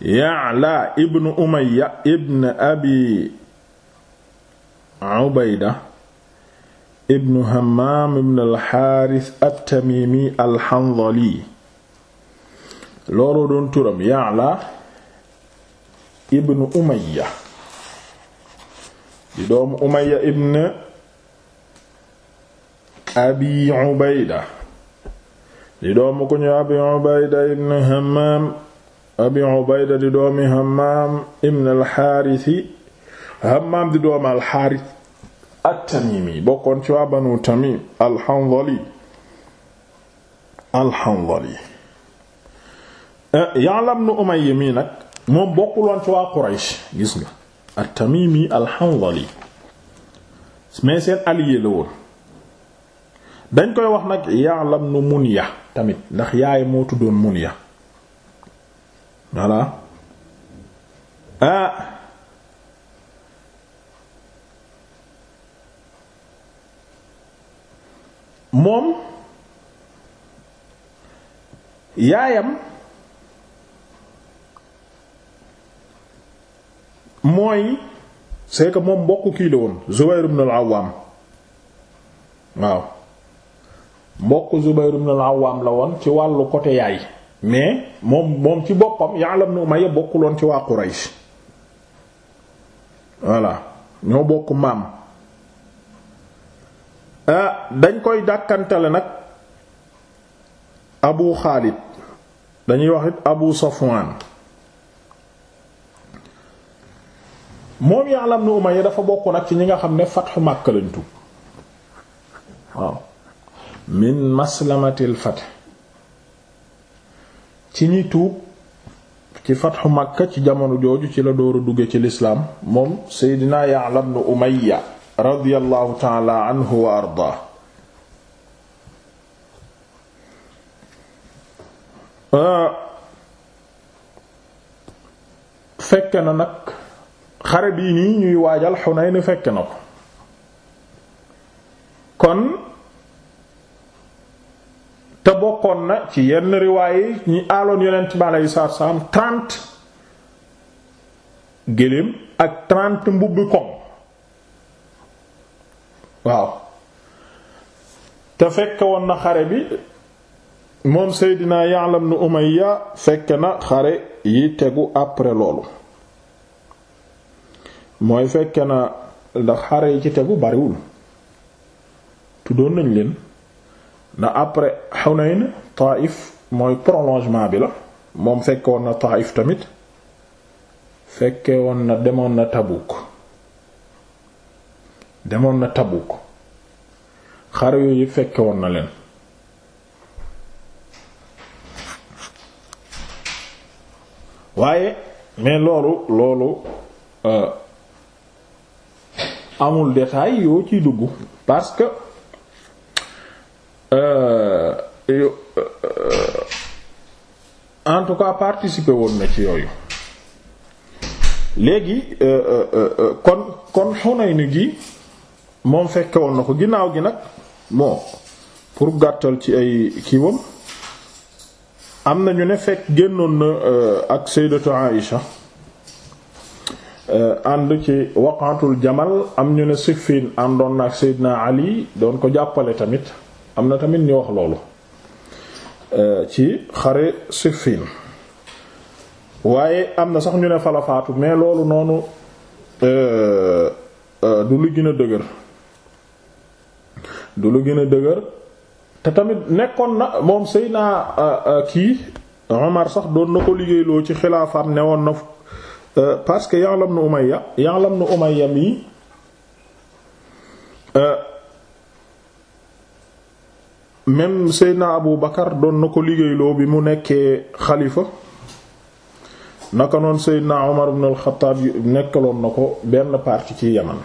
Ya'la ibn Umayya ibn Abi Ubayda ibn Hammaam ibn al-Haaris at-Tamimi al-Hanzali looloo doon turam Ya'la ibn Umayya di doomu Umayya ibn Abi Ubayda di doomu ku Abi Ubayda ibn Hammam Abi Ubayda di doomu al-Harith at-Tamimi bokkoon ci waa Banu Tamim al-Hanzali al-Hanzali eh, Ya'la ibn Umayya mi ci waa Quraysh gis nga at-Tamimi al-Hanzali mais seen allié la woon dañ koy wax nag Ya'la ibn Munya tamit ndax yaay moo tuddoon Munya voilà ah moom yaayam mooy c'est que moom mbokk kii la woon Zubayr ibn al waaw mbokk Zubayr ibn al la woon ci wàllu côté yaay mais moom moom ci boppam Ya'la ibn Umayya bokkuloon ci waa Quraysh voilà ñoo bokk maam ah dañ koy dàkkantale nag Abu Khalid dañuy wax it Abu Safwan moom Ya'la ibn Umayya dafa bokk nag ci ñi nga xam ne fatxu Makka lañ tuub waaw min maslamatil fath ci ñi tuub ci fatxu Makka ci jamono jooju ci la dooru dugge ci lislaam moom Seydina Ya'la ibn Umayya radiyallahu ta'ala anhu wa ardaa euh, fekk na nag xare bi nii ñuy waajal Xunayn fekk na ko kon te bokkoon na ci yenn riwaay yi ñi aaloon yonent bi aleyhi salaatu salaam trente géléem ak trente mbubbi koŋ waaw te fekke woon na xare bi moom Seydina Ya'la ibn Umayya fekk na xare yi tegu après loolu mooy fekke na ndax xare yi ci tegu bariwul tuddoon nañ leen ndax après Hunayn Taif mooy prolongement bi la moom fekke woon na Taif tamit fekke woon na demoon na Tabuk demoon na Tabuk xare yooyu fekke woon na leen waaye mais loolu loolu euh, amul détail yoo ciy dugg parce que euh, euh en tout cas participer woon na ci yooyu léegi euh, euh, kon kon Xunayn gi moom fekke woon na ko ginnaaw gi nag moo pour gàttal ci ay kiiwam am na ñu ne fekk génnoon na ak Sayyidatu Aïcha Euh, ànd ci waqatul jamal am ñu ne Siffin àndoon na ak Seydina Ali doon ko jàppale tamit am na tamit ñu wax loolu euh, ci xare Siffin waaye am na sax ñu ne fala faatu mais loolu noonu euh, du lu gën a dëgër du lu gën a dëgër te tamit nekkoon na moom Seydina kii Omar sax doon na ko liggéeyloo ci xilaafaam newoon na Euh, parce que Ya'la ibn Umayya Ya'la ibn Umayya mi euh, même Seydina Abu Bakar doon na ko liggéeyloo bi mu nekkee xalifa naka noon Seydina Omar ibn al-Khattab nekkaloon na ko benn partie ci Yaman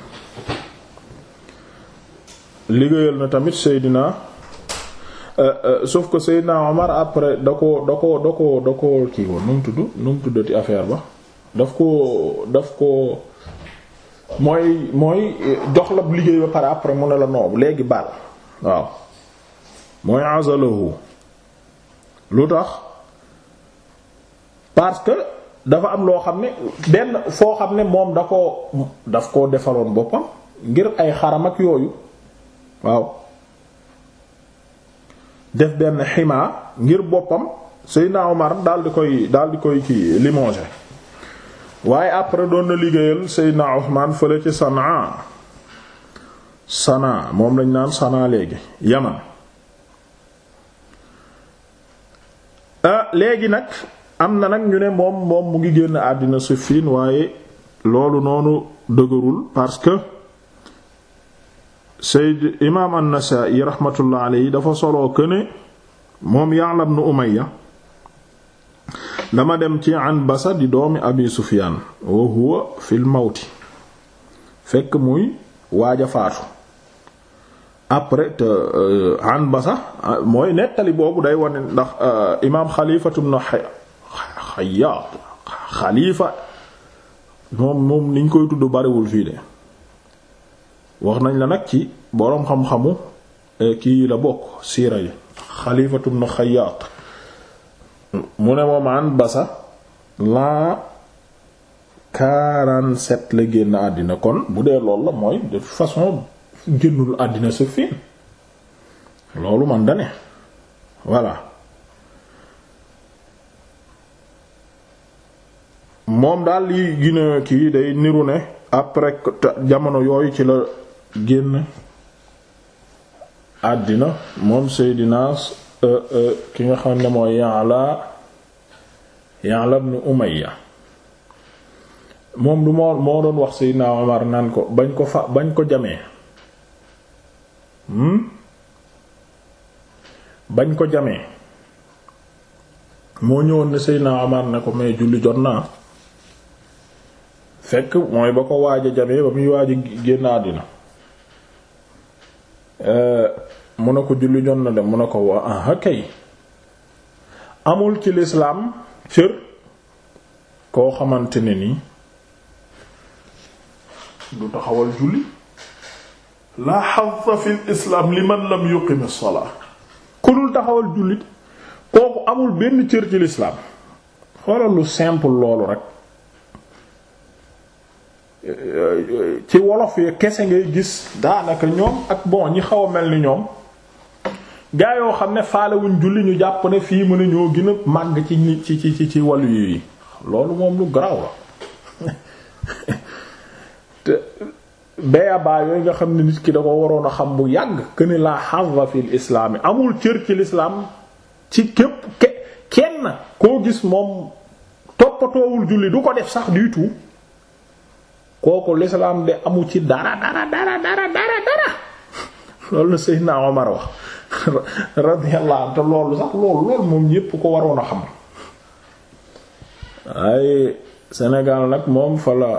liggéeyal na tamit Seydina euh, sauf ko Seydina Omar après da ko da ko da ko da ko kii woon nu mu tudd nu mu tuddati affaire ba daf ko daf ko mooy mooy eh, jox la liggéey ba pare après mu ne la noobu léegi baal waaw mooy azalahu lu tax parce que dafa am loo xam ne benn foo xam ne moom da ko daf ko defaloon boppam ngir ay xaram ak yooyu waaw def benn ximaa ngir boppam Seydina Omar daal di koy daal di koy ci limogé waaye après doon na liggéeyal Seydina Uthman fële ci Sanaa Sanaa moom lañ naan Sanaa léegi Yaman ah, léegi nag am na nag ñu ne moom moom mu ngi génn àddina Siffin waaye loolu noonu dëgërul parce que Seyd imaam yi nasaai rahmatullah alayhi dafa soloo këne moom Ya'la ibn Umayya dama dem ci Anbasa di doomi Abi Sufyaan wa huwa fil mawti fekk muy waaja faatu après te euh, Anbasa euh, mooy nettali boobu day wane ndax euh, imaam Xalifatu ibn Xayyaat xalifa moom moom liñ koy tudd bariwul fii de wax nañ la nag ci boroom xam-xamu kii la bokk siira yi Xalifatu ibn Xayyaat mu ne moom an basa l'an 47 la génn àddina kon bu dee loolu la mooy de façon génnul àddina sa fiin loolu man da ne moom daal li gina kii day niru ne après jamono yooyu ci la génn àddina moom Seydinaas Euh, euh, ki nga xam ne mooy Ya'la Ya'la ibn Umayya moom lu moo moo doon wax Seydina Omar naan ko bañ ko fa bañ ko jamee hmm? bañ ko jamee moo ñëwoon ne Seydina Omar ne ko mais julli jot naa fekk mooy ba ko waaj a jamee ba muy waaj génn àddina euh, mu ne ko julli jot na de mu ne ko waa ah kay amul ci lislaam cër koo xamante ne ni du taxawal julli la xazza fi lislaam li man lam yuqim as-salaa ku dul taxawal julli kooku amul benn cër ci lislaam xoolal lu simple loolu rek ci wolof yi kese ngay gis daanaka ñoom ak bon ñi xaw a mel ni ñoom gaa yoo xam ne faalewuñ julli ñu jàpp ne fii mu ne ñoo gën a màgg ci ci ci ci wàllu yi loolu moom lu garaaw la te baya yooyu nga xam ne nit ki da ko waroon a xam bu yàgg këni laa hazza fil islaami amul cër ci lislaam ci képp ke kenn koo gis moom toppatoowul julli du ko def sax du kooku lislaam de amu ci dara dara dara dara dara dara loolu la Seydina Omar wax radiyallahu anhu te loolu sax loolu loolu moom ñépp ko waroon a xam ay Sénégal nag moom fa la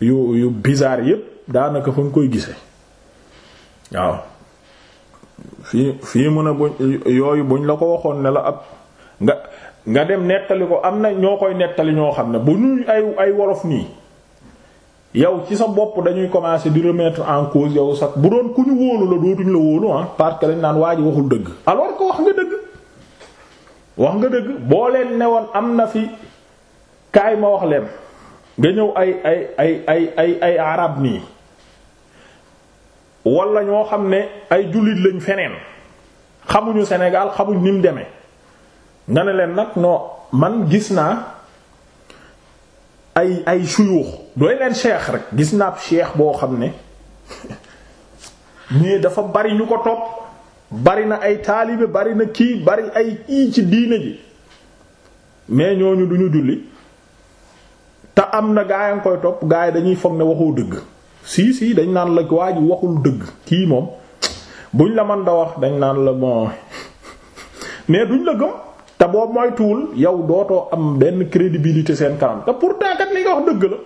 yu yu bizarre yépp daanaka fa nga koy gise waaw fi fii mun a buñ yooyu buñ la ko waxoon ne la ab nga nga dem nettali ko am na ñoo koy nettali ñoo xam ne bu ñuy ay ay wolof nii yow ci sa bopp dañuy commencer di remettre en cause yow sax bu doon ku ñu wóolu la dootuñ la wóolu ah parce que lañ naan waa ji waxul dëgg alors que wax nga dëgg wax nga dëgg boo ne woon am na fi kaay ma wax leen nga ñëw ay ay ay ay ay ay arab nii wala ñoo xam ne ay jullit lañ feneen xamuñu Sénégal xamuñ ni mu demee nga ne leen nag non man gis naa ay ay suyuux doy leen cheikh rek gis naa ab cheikh boo xam ne mais dafa bari ñu ko topp bari na ay taalibe bari na kii bari ay kii ci diine ji mais ñooñu duñu julli te am na gaa koy topp gaa yi dañuy foog ne waxoo dëgg si si dañ naan la waa ji waxul dëgg kii moom buñ la mën da dañ naan la bon mais duñ la gëm te boo moytuwul yow dootoo am benn crédibilité seen kanam te pourtant kat li nga wax dëgg la.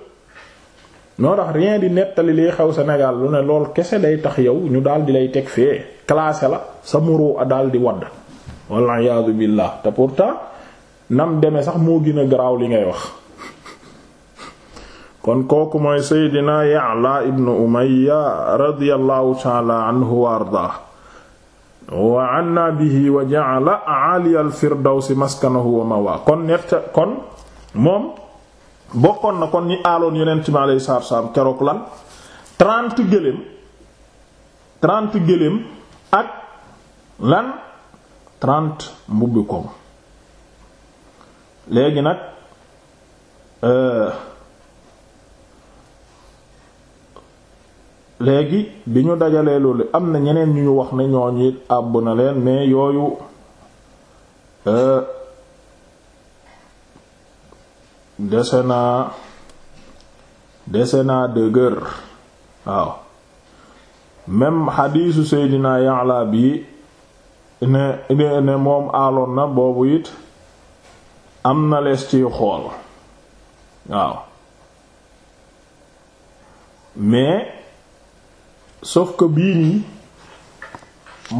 noo tax rien di nettali liy xew Sénégal lu ne lool kese day tax yow ñu daal di lay teg fee classé la sa muroo a daal di wadd walla iyaadu billaah te pourtant nam deme sax moo gën garaaw li ngay wax kon kooku mooy Seydina Ya'la ibnu Umayya radiyallahu ta'ala wa ardaah wa anna bihi wa ja'ala a'ali al-firdawsi maskanahu wa mawaa kon moom bokkoon na kon ñi aaloon yonent mi alayhi salaatu salaam keroog lan trente gëléem trente géléem ak lan trente mbubbi koom léegi nag euh, léegi bi ñu dajalee loolu am na ñeneen ñu wax ne ñooñu it àbb na leen mais yooyu euh, dese naa dese naa dëgër waaw même xadiisu Seydina Ya'la bi ne ne moom aaloon na boobu it am na lees ciy xool waaw mais sauf que bii nii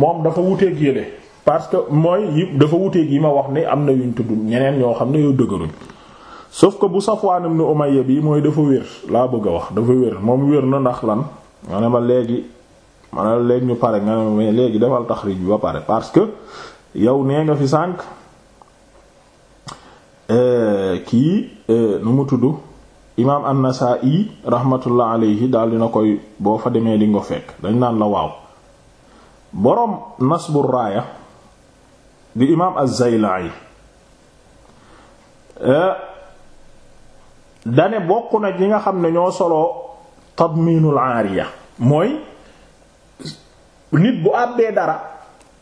moom dafa wuteeg yële parce que mooy yi dafa wuteeg yi ma wax ni am na yuñ tudd ñeneen ñoo xam ne yoo dëgëruñ sauf ko bu Safwaan ibn Umayya bi mooy dafa wér laa bëgg a wax dafa wér moom wér na ndax lan nga ne ma léegi ma ne léegi ñu pare nga ne ma léegi defal taxrij bi ba pare parce que yow nee nga fi sànq euh, kii euh, nu mu tudd imaam an-Nasaa'i rahmatullah alayhi daal dina koy boo fa demee di nga fekk dañ naan la waaw boroom nasbu raaya di imaam az-Zayla'i euh, dane bokk na ñi nga xam ne ñoo soloo tadmiinul aariya mooy nit bu àbbee dara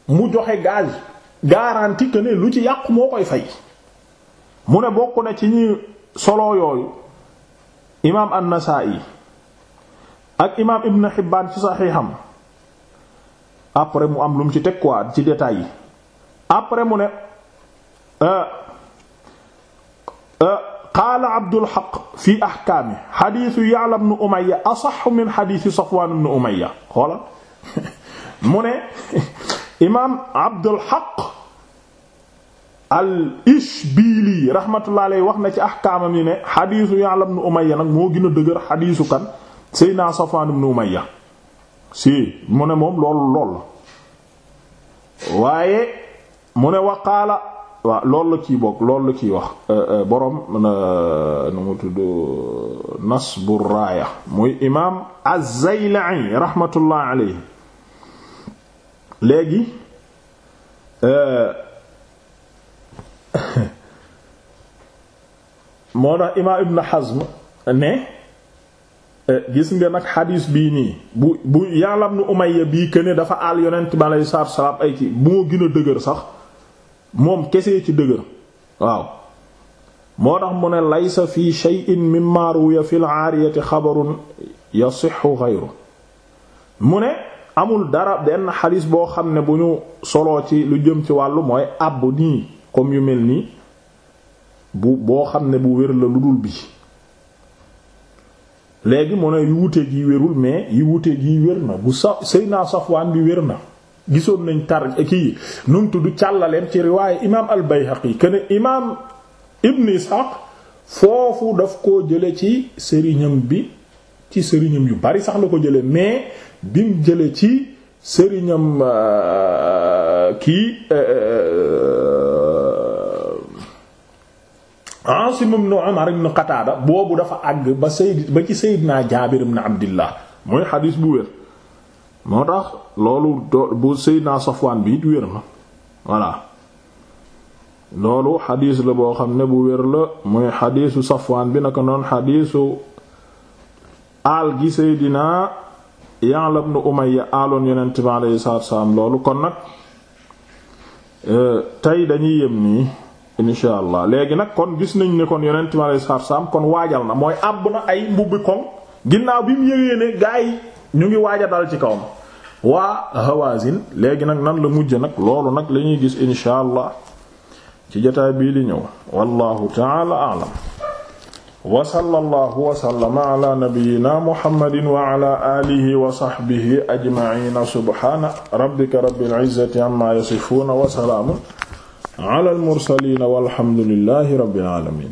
mu joxe gage garantie que ne lu ci yàqu moo koy fay mu ne bokk na ci ñi solo yooyu imaam an-Nasaa'i ak imaam Ibn Hibbaan ci saxiixam après mu am lu mu ci teg quoi ci détails yi après mu ne euh, euh qaala Abdul Haqq fii ahkaami xadiisu Ya'la ibn Umayya asaxu min xadiisi Safwaan ibn Umayya xoola mu ne imaam Abdul Haqq al Ishbili rahmatullahi alayhi wax na ci ahkaamam ni ne xadiisu Ya'la ibn Umayya nag moo gën a dëgër xadiisu kan Seydina Safwaan ibn Umayya si mu ne moom loolu lool waaye mu ne waqaala waaw loolu la ciy bokk loolu la ciy wax euh, euh, borom nu mu tudd Nasbu Raaya muy imam Az-Zaylai rahmatullah alayhi léegi euh, moo tax imaam Ibn Hazm ne gis nga nag xadiis bii nii bu bu Ya'la ibn Umayya bii que ne dafa àll yonent bi aleyhi salaatu wa ay ci moo gën a dëgër sax. moom kese ci dëgër waaw moo tax mu ne laysa fi shay'in mimma ruwiya fil aariyati xabarun yasixu xayru mu ne amul dara benn xalis boo xam ne bu ñu soloo ci lu jëm ci wàllu mooy àbb nii comme yu mel nii bu boo xam ne bu wér la lu dul bi léegi mu ne yu wuteeg yi wérul mais yi wuteeg yi wér na bu sa sëy naa Safwaan bi wér na gisoon nañ tar kii nu mu tudd càllaleem ci riwaaye imaam al-Bayhaqi ken imaam Ibn Ishaq foofu daf ko jële ci sëriñam bi ci sëriñam yu bari sax la ko jële mais bim jële ci sëriñam euh, kii euh, euh, Asim ibn Umar ibn Qatada boobu dafa àgg ba sayd ba ci Seydina Jaabir ibn Abdillah mooy xadiis bu wér moo tax loolu do bu Seydina Safwaan bi it wér na voilà loolu xadiis la boo xam ne bu wér la muy xadiisu Safwaan bi na ko noon xadiisu aal gi Seydina Ya'la ibn Umayya aaloon yonent bi alayhi salaatu wassalaam loolu kon nag euh, tey dañuy yem nii insha allah léegi nag kon gis nañ ne kon yonent bi alayhi salaatu wassalaam kon waajal na mooy àbb na ay mbubbi koŋ ginnaaw bi mu yëgee ne gaa yi ñu ngi waaja dal ci kawam waa Hawazin léegi nag nan la mujj nag loolu nag la ñuy gis insha allah ci jotaay bii li ñëw wallahu ta'ala a'lam wa sallallahu wa sallama ala nabiyyina muhammadin wa ala alihi wa sahbihi ajma'ina subhana rabbika rabbil amma yasifuna wa salaamun ala al mursalin walhamdulillahi rabbil